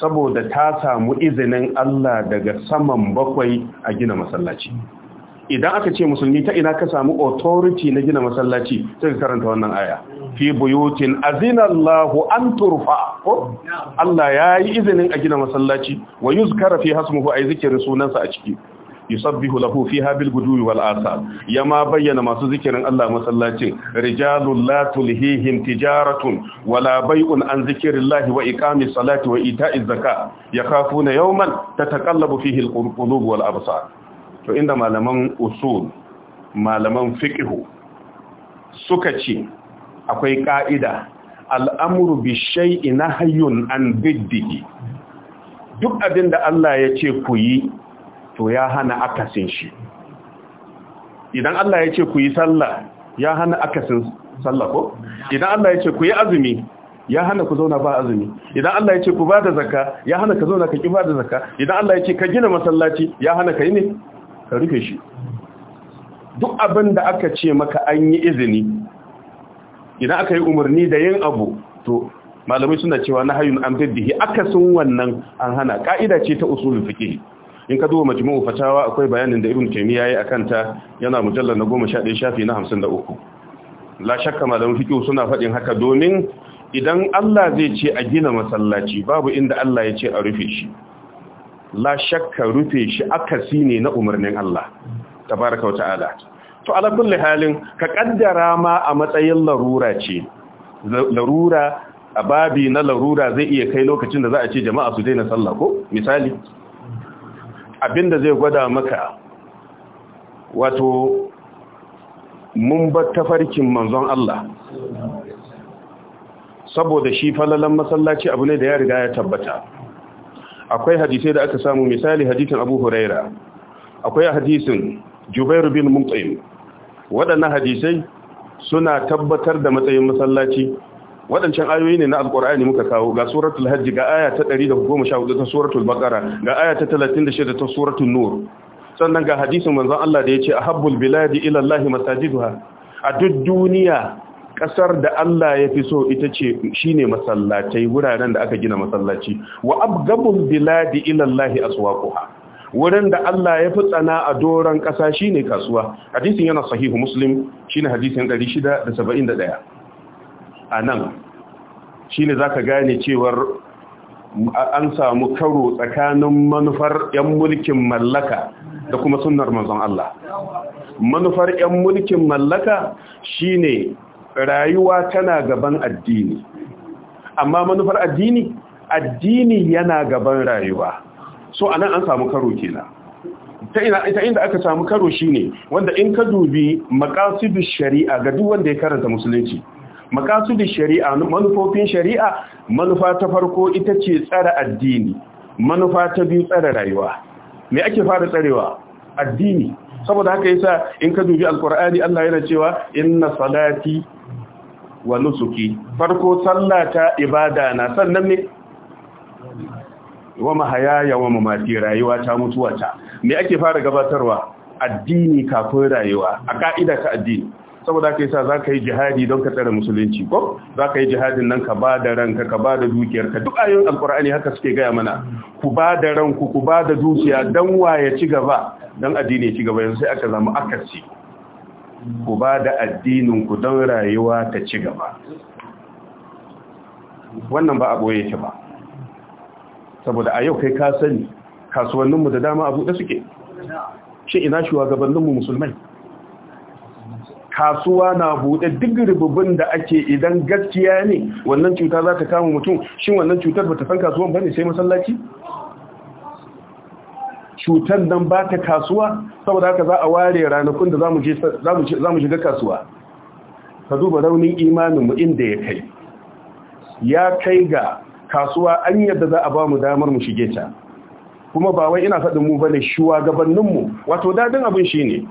saboda ta samu izinin Allah daga saman bakwai a gina masallaci idan aka ce musulmi ta ina ka samu authority na gina masallaci sai karanta wannan aya fi buyutin azinallahu an turfa ko Allah ya yi izinin a gina masallaci wa yuzkara fi hasmuhu ay zikirin sunansa a ciki yusabbihu lahu fiha bil guduwi wal asal yama bayyana masu zikirin Allah masallacin rijalun la tulhihim tijaratun wala bay'un an zikrillahi wa iqamis salati wa ita'iz zakat yakhafuna yawman tataqallabu fihi al qulub wal absar to inda malaman usul malaman fiqhu suka ce akwai ka'ida al'amuru bi shay'in nahyun an biddihi duk abin da Allah ya ce ku yi to ya hana akasin shi idan Allah ya ce ku yi sallah ya hana akasin sallah ko idan Allah ya ce ku yi azumi ya hana ku zauna ba azumi idan Allah ya ce ku ba da zakka ya hana ka zauna ka ki ba da zakka idan Allah ya ce ka gina masallaci ya hana ka yi ne ka rufe shi duk abin da aka ce maka an yi izini idan aka yi umarni da yin abu to malamai suna cewa na hayun an aka akasin wannan an hana ka'ida ce ta usulul fiqh in ka duba majmu'u fatawa akwai bayanin da ibn taymiya yayi akan ta yana mujallal na 11 shafi na 53 la shakka malamai fiqh suna fadin haka domin idan Allah zai ce a gina masallaci babu inda Allah ya ce a rufe shi la shakka rufe shi akasi ne na umarnin Allah tabaraka wata'ala to ala kulli halin ka kaddara ma a matsayin larura ce larura a babi na larura zai iya kai lokacin da za a ce jama'a su daina sallah ko misali abinda zai gwada maka wato mun bar tafarkin manzon Allah saboda shi falalan masallaci abu ne da ya riga ya tabbata akwai hadisai da aka samu misali hadisin abu huraira akwai hadisin jubairu bin mumtsayin waɗannan hadisai suna tabbatar da matsayin masallaci waɗancan ayoyi ne na alƙur'ani muka kawo ga suratul hajji ga aya ta 114 ta suratul baqara ga aya ta 36 ta suratul nur sannan ga hadisin manzon Allah da yace ahabbul biladi ila Allah masajiduha a duk duniya ƙasar da Allah ya fi so ita ce shi ne masallatai wuraren da aka gina masallaci wa abgabul biladi ilallahi aswaquha wurin da Allah ya fi tsana a doron kasa shi ne kasuwa hadisin yana sahihu muslim shi ne hadisin 671 a nan shi ne za ka gane cewar an samu karo tsakanin manufar 'yan mulkin mallaka da kuma sunnar manzon Allah manufar 'yan mulkin mallaka shi ne. rayuwa tana gaban addini amma manufar addini addini yana gaban rayuwa so anan an samu karo kenan ta ina ita inda aka samu karo shine wanda in ka dubi maqasidu shari'a ga duk wanda ya karanta musulunci maqasidu shari'a manufofin shari'a manufa ta farko ita ce tsara addini manufa ta biyu tsara rayuwa me ake fara tsarewa addini saboda haka yasa in ka dubi alqur'ani Allah yana cewa inna salati wa nusuki farko sallah ta ibada na sannan ne wa mahayaya wa mamati rayuwa ta mutuwa ta me ake fara gabatarwa addini kafin rayuwa a ka'ida ta addini saboda kai sa zaka yi jihadi don ka tsare musulunci ko zaka yi jihadin nan ka bada ranka ka bada dukiyarka duk ayoyin alkur'ani haka suke gaya mana ku bada ranku ku bada dukiya dan waye ci gaba dan addini ci gaba yanzu sai aka zama akasi ku ba da addininku ku don rayuwa ta ci gaba wannan ba a boye ba saboda a yau kai ka sani kasuwanninmu da dama a buɗe suke shi ina shugabanninmu musulmai kasuwa na buɗe duk rububin da ake idan gaskiya ne wannan cuta za ta kama mutum shin wannan cutar ba ta san kasuwan ba ne sai masallaci cutar nan ba ta kasuwa saboda haka za a ware ranakun da za mu shiga kasuwa ka duba raunin imaninmu inda ya kai ya kai ga kasuwa an yadda za a ba mu damar mu shige ta kuma ba wai ina faɗin mu bane gabaninmu? wato daɗin abin ne.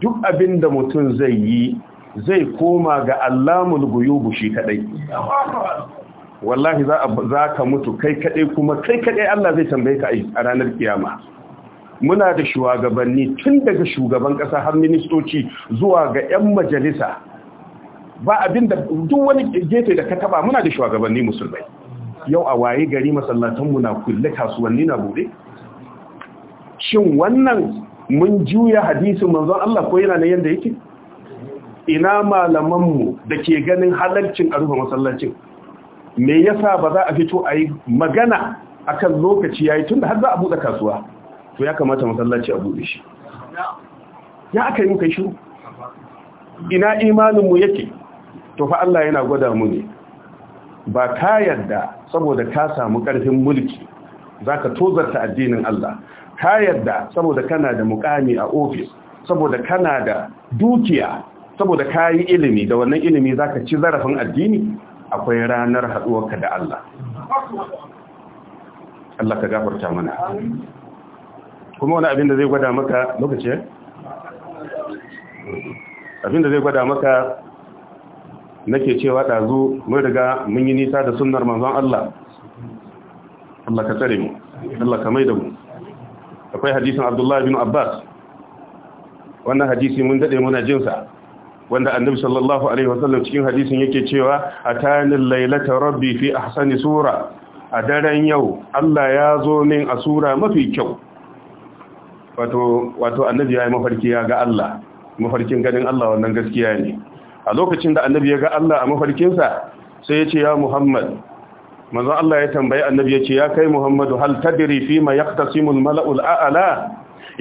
duk abin da mutum zai yi zai koma ga allamul guyubu shi kadai wallahi za ka mutu kai kaɗai kuma kai kaɗai Allah zai tambaye ka a ranar kiyama muna da shugabanni tun daga shugaban ƙasa har ministoci zuwa ga 'yan majalisa ba abin duk wani gefe da ka taba muna da shugabanni musulmai yau a waye gari masallatanmu na kulle kasuwanni na bude shin wannan mun juya hadisin manzon Allah ko yana ne yanda yake ina malamanmu da ke ganin halalcin a rufe masallacin me yasa ba za a fito a yi magana akan lokaci yayi tunda har za a buɗe kasuwa to ya kamata masallaci a buɗe shi ya aka yi muka shiru ina imaninmu yake to fa Allah yana gwada mu ne ba ka yarda saboda ka samu ƙarfin mulki za ka tozarta addinin Allah ka yarda saboda kana da mukami a ofis saboda kana da dukiya saboda ka yi ilimi da wannan ilimi za ka ci zarafin addini akwai ranar haɗuwarka da Allah Allah ka gafarta mana kuma wani abin da zai gwada maka lokaci eh? abin da zai gwada maka nake cewa ɗazu mai riga mun yi nisa da sunar manzon Allah Allah ka tsare mu Allah ka mai da mu akwai hadisin Abdullahi bin Abbas wannan hadisi mun daɗe muna jinsa. wanda annabi sallallahu alaihi wasallam cikin hadisin yake cewa atani Lailata rabbi fi ahsani sura a daren yau Allah ya zo min a sura mafi kyau wato annabi ya yi mafarki ya ga Allah mafarkin ganin Allah wannan gaskiya ne a lokacin da annabi ya ga Allah a mafarkinsa sai ya ce ya Muhammad manzo Allah ya tambayi annabi ya ce ya kai Muhammadu hal tadri fi ma yaqtasimu al-mala'u al-a'la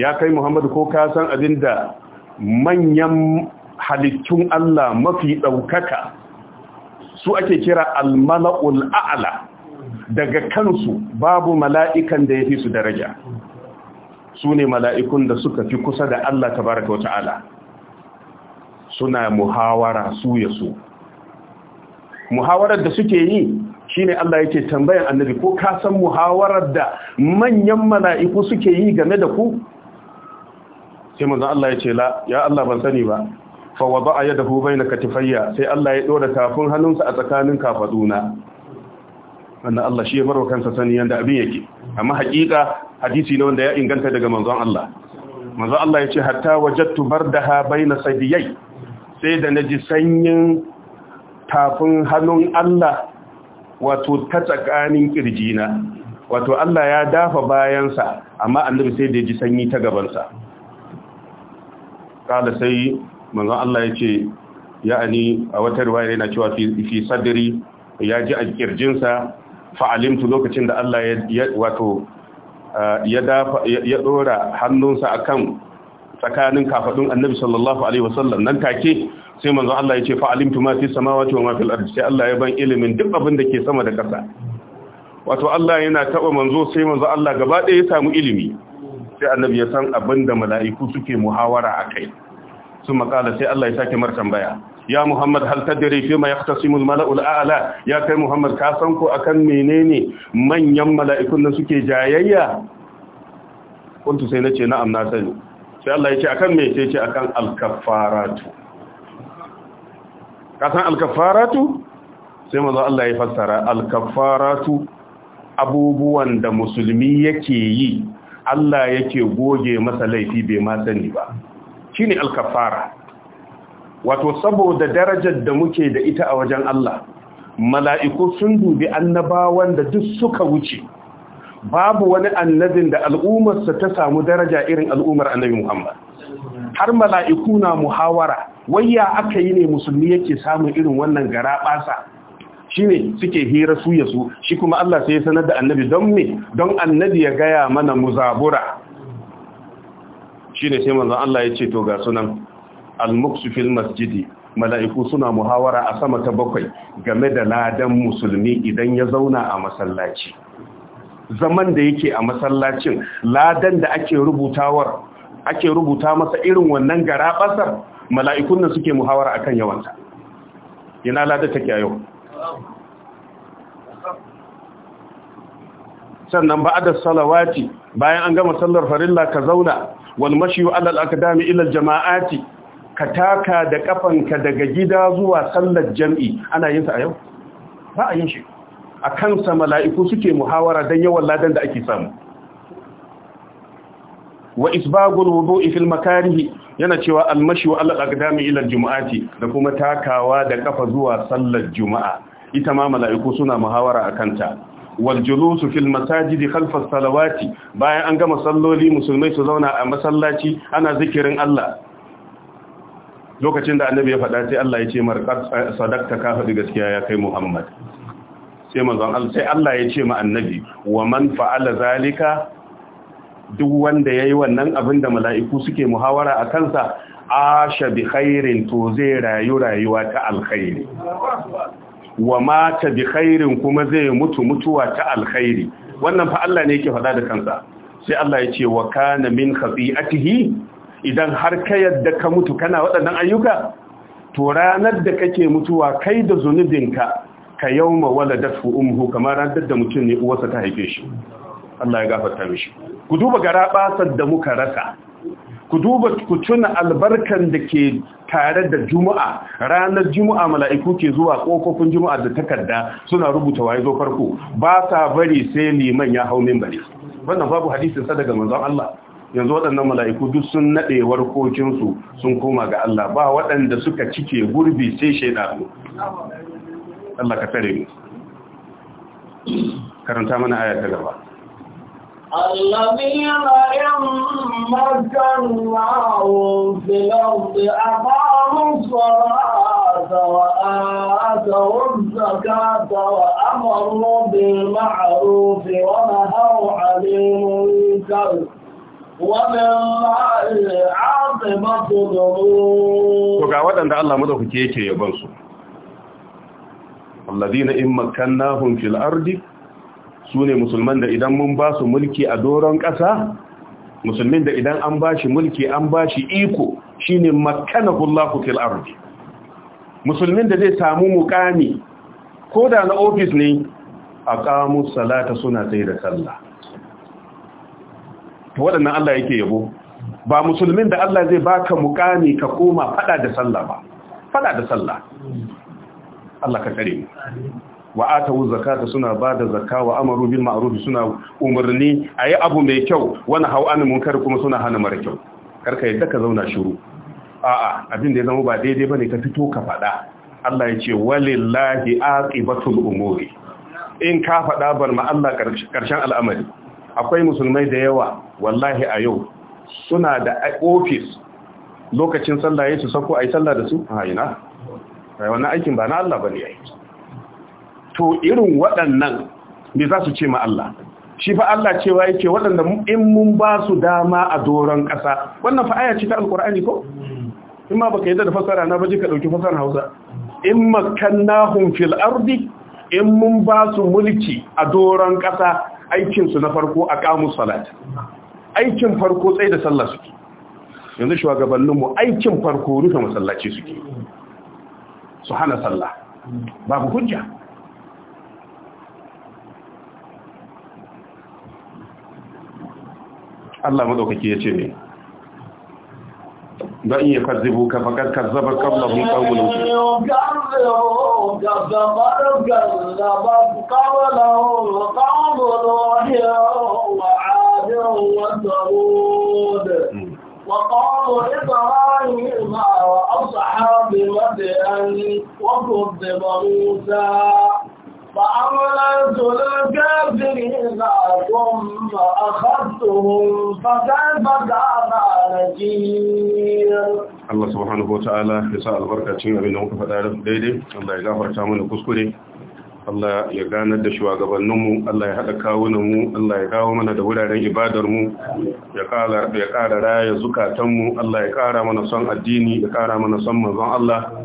ya kai Muhammadu ko ka san abinda manyan halittun Allah mafi daukaka su ake kira al-mala'u al-a'la daga kansu babu mala'ikan da yafi su daraja su ne mala'ikun da suka fi kusa da Allah Ta Baraka wa ta'ala suna muhawara su ya su muhawarar da suke yi shi ne Allah yake tambayan annabi ko ka san muhawarar da manyan mala'iku suke yi game da ku sai manzon Allah ya ce la ya Allah ban sani ba fa a hu bai na katifayya sai Allah ya ɗora kafin hannunsa a tsakanin kafaduna wannan Allah shi ya barwa kansa sani yadda abin yake amma hakika hadisi na wanda ya inganta daga manzon Allah manzon Allah ya ce hatta da bardaha baina sadiyai sai da na ji sanyin tafin hannun Allah wato ta tsakanin kirjina wato Allah ya dafa bayansa amma annabi sai da ya ji sanyi ta gabansa kada sai manzon Allah ya ce ya'ani a wata riwaya yana cewa fi sadri ya ji a kirjinsa fa'alimtu lokacin da Allah ya uh, ɗora hannunsa dora hannunsa tsakanin kafaɗun annabi sallallahu alaihi wasallam nan take sai manzo Allah ya ce fa'alimtu ma fi sama, ma fil sai Allah ya ban ilimin duk abin da ke sama da ƙasa wato Allah yana taba manzo sai manzo Allah gaba ɗaya ya samu ilimi sai annabi ya san abin da mala'iku suke muhawara a kai, sun makala sai Allah ya sake mar tambaya ya Muhammad hal tadri fi ma ala ya kai Muhammad ka san ko menene manyan mala'ikun suke jayayya kuntu sai nace na'am na sani sai Allah ya ce akan me ce sai Allah ya fassara al abubuwan da musulmi yake yi Allah yake goge masa laifi bai ma sani ba shine alkafara wato saboda darajar da muke da ita a wajen Allah mala'iku sun dubi annabawan da duk suka wuce babu wani annabin da al'ummarsa ta samu daraja irin al'ummar annabi Muhammad har mala'iku na muhawara wayya aka yi ne musulmi yake samun irin wannan gara basa shine suke hira su ya su shi kuma Allah sai ya sanar da annabi don me don annabi ya gaya mana muzabura shine sai manzon Allah ya ce to ga sunan al-muksu fil masjidi mala'iku suna muhawara a sama ta bakwai game da ladan musulmi idan ya zauna a masallaci zaman da yake a masallacin ladan da ake rubutawar ake rubuta masa irin wannan gara basar mala'ikun nan suke muhawara akan yawanta ina ladan take a yau sannan ba da salawati bayan an gama sallar farilla ka zauna wal al-aqdami ila al jama'ati ka taka da kafanka daga gida zuwa sallar jam'i ana yin sa a yau ba a yin shi a kansa mala'iku suke muhawara don yawan ladan da ake samu wa isbagul wudu'i fil makarihi yana cewa almashi wa al-aqdami ila jumu'ati da kuma takawa da kafa zuwa sallar juma'a ita ma mala'iku suna muhawara akanta wal julusu fil masajidi khalfa salawati bayan an gama salloli musulmai su zauna a masallaci ana zikirin Allah lokacin da annabi ya faɗa sai Allah ya ce mar sadakta ka faɗi gaskiya ya kai Muhammad sai manzon Allah sai Allah ya ce ma annabi wa man fa'ala zalika duk wanda yayi wannan abin da mala'iku suke muhawara a kansa asha bi khairin to zai rayu rayuwa ta alkhairi wa mata bi khairin kuma zai mutu mutuwa ta alkhairi wannan fa Allah ne yake faɗa da kansa sai Allah ya ce wa kana min khabi'atihi idan har ka yadda ka mutu kana waɗannan ayyuka to ranar da kake mutuwa kai da zunubinka ka yauma waladatu umhu kamar ranar da mutum ne uwarsa ta haife shi Allah ya gafarta mishi ku duba garabasar da muka rasa ku duba ku tuna albarkan da ke tare da juma'a ranar juma'a mala'iku ke zuwa kofofin juma'a da takarda suna rubuta waye zo farko ba sa bari sai liman ya hau minbari wannan babu hadisin sa daga manzon Allah yanzu waɗannan mala'iku duk sun naɗe warkokinsu sun koma ga Allah ba waɗanda suka cike gurbi sai shaidatu. Allah ka tare karanta mana aya ta gaba الذين إن مكناهم في الأرض أقاموا الصلاة وآتوا الزكاة وأمروا بالمعروف ونهوا عن المنكر To ga waɗanda Allah madaukake yake yabon su. Alladina in makkannahum fil ardi ne musulman da idan mun ba su mulki a doron ƙasa musulmin da idan an ba shi mulki an ba shi iko shine makkanahullahu fil ardi. Musulmin da zai samu mukami ko da na ofis ne a salata suna sai da sallah. waɗannan Allah yake yabo ba musulmin da Allah zai baka mukami ka koma fada da sallah ba fada da sallah Allah ka tsare wa atawu zakata suna bada zakka wa amaru bil ma'ruf suna umarni ayi abu mai kyau wani hau an munkar kuma suna hana mara kyau karka yadda ka zauna shiru a'a abin da ya zama ba daidai bane ka fito ka fada Allah ya ce walillahi aqibatul umuri in ka faɗa bar ma Allah ƙarshen al'amari akwai musulmai da yawa wallahi a yau suna da ofis lokacin sallah ya su sako a yi sallah da su a ina wannan aikin ba na Allah ba ne to irin waɗannan me za su ce ma Allah shi fa Allah cewa yake waɗanda in mun ba su dama a doron ƙasa wannan fa aya ce ta alƙur'ani ko in ma baka yadda da fasara na baje ka ɗauki fasaran Hausa in makannahum fil ardi in mun ba su mulki a doron ƙasa aikin su na farko a Kamus salat aikin farko tsaye da sallah suke yanzu shugabanninmu aikin farko rufe masallaci suke su hana sallah babu hujja Allah madaukake ya ce ne in iya kazzibu ka fakar kazzabar kablahun kawulun su وقالوا إبراهيم وأصحاب مدين وكذب موسى فأمللت الكافرين ثم أخذتهم فكيف كان الله سبحانه وتعالى يسأل بركة تشين أبي نوك فتعرف ديدي الله يغفر تعمل كسكري Allah ya ganar da shugabanninmu Allah ya haɗa kawunanmu Allah ya kawo mana da wuraren ibadarmu ya ƙara raya zukatanmu Allah ya ƙara mana son addini ya ƙara mana son manzon Allah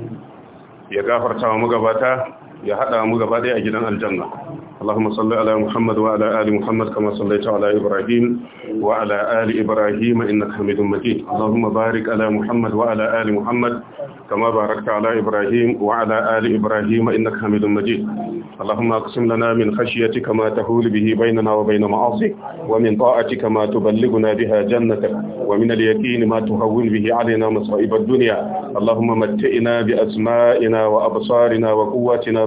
ya gafarta wa magabata ya haɗa mu gaba ɗaya a gidan aljanna Allahumma salli ala Muhammad wa ala Muhammad kama sallaita ala Ibrahim wa ala ali Ibrahim innaka Hamidum Majid Allahumma barik Muhammad wa ala Muhammad kama barakta ala Ibrahim wa ala ali Ibrahim innaka Hamidum Majid Allahumma aqsim lana min khashyatika ma tahul bihi baynana wa bayna ma'asik wa min ta'atika ma tuballighuna biha jannatak wa min al-yaqin ma tuhawwin bihi alayna masa'ib ad-dunya Allahumma matti'na bi asma'ina wa absarina wa quwwatina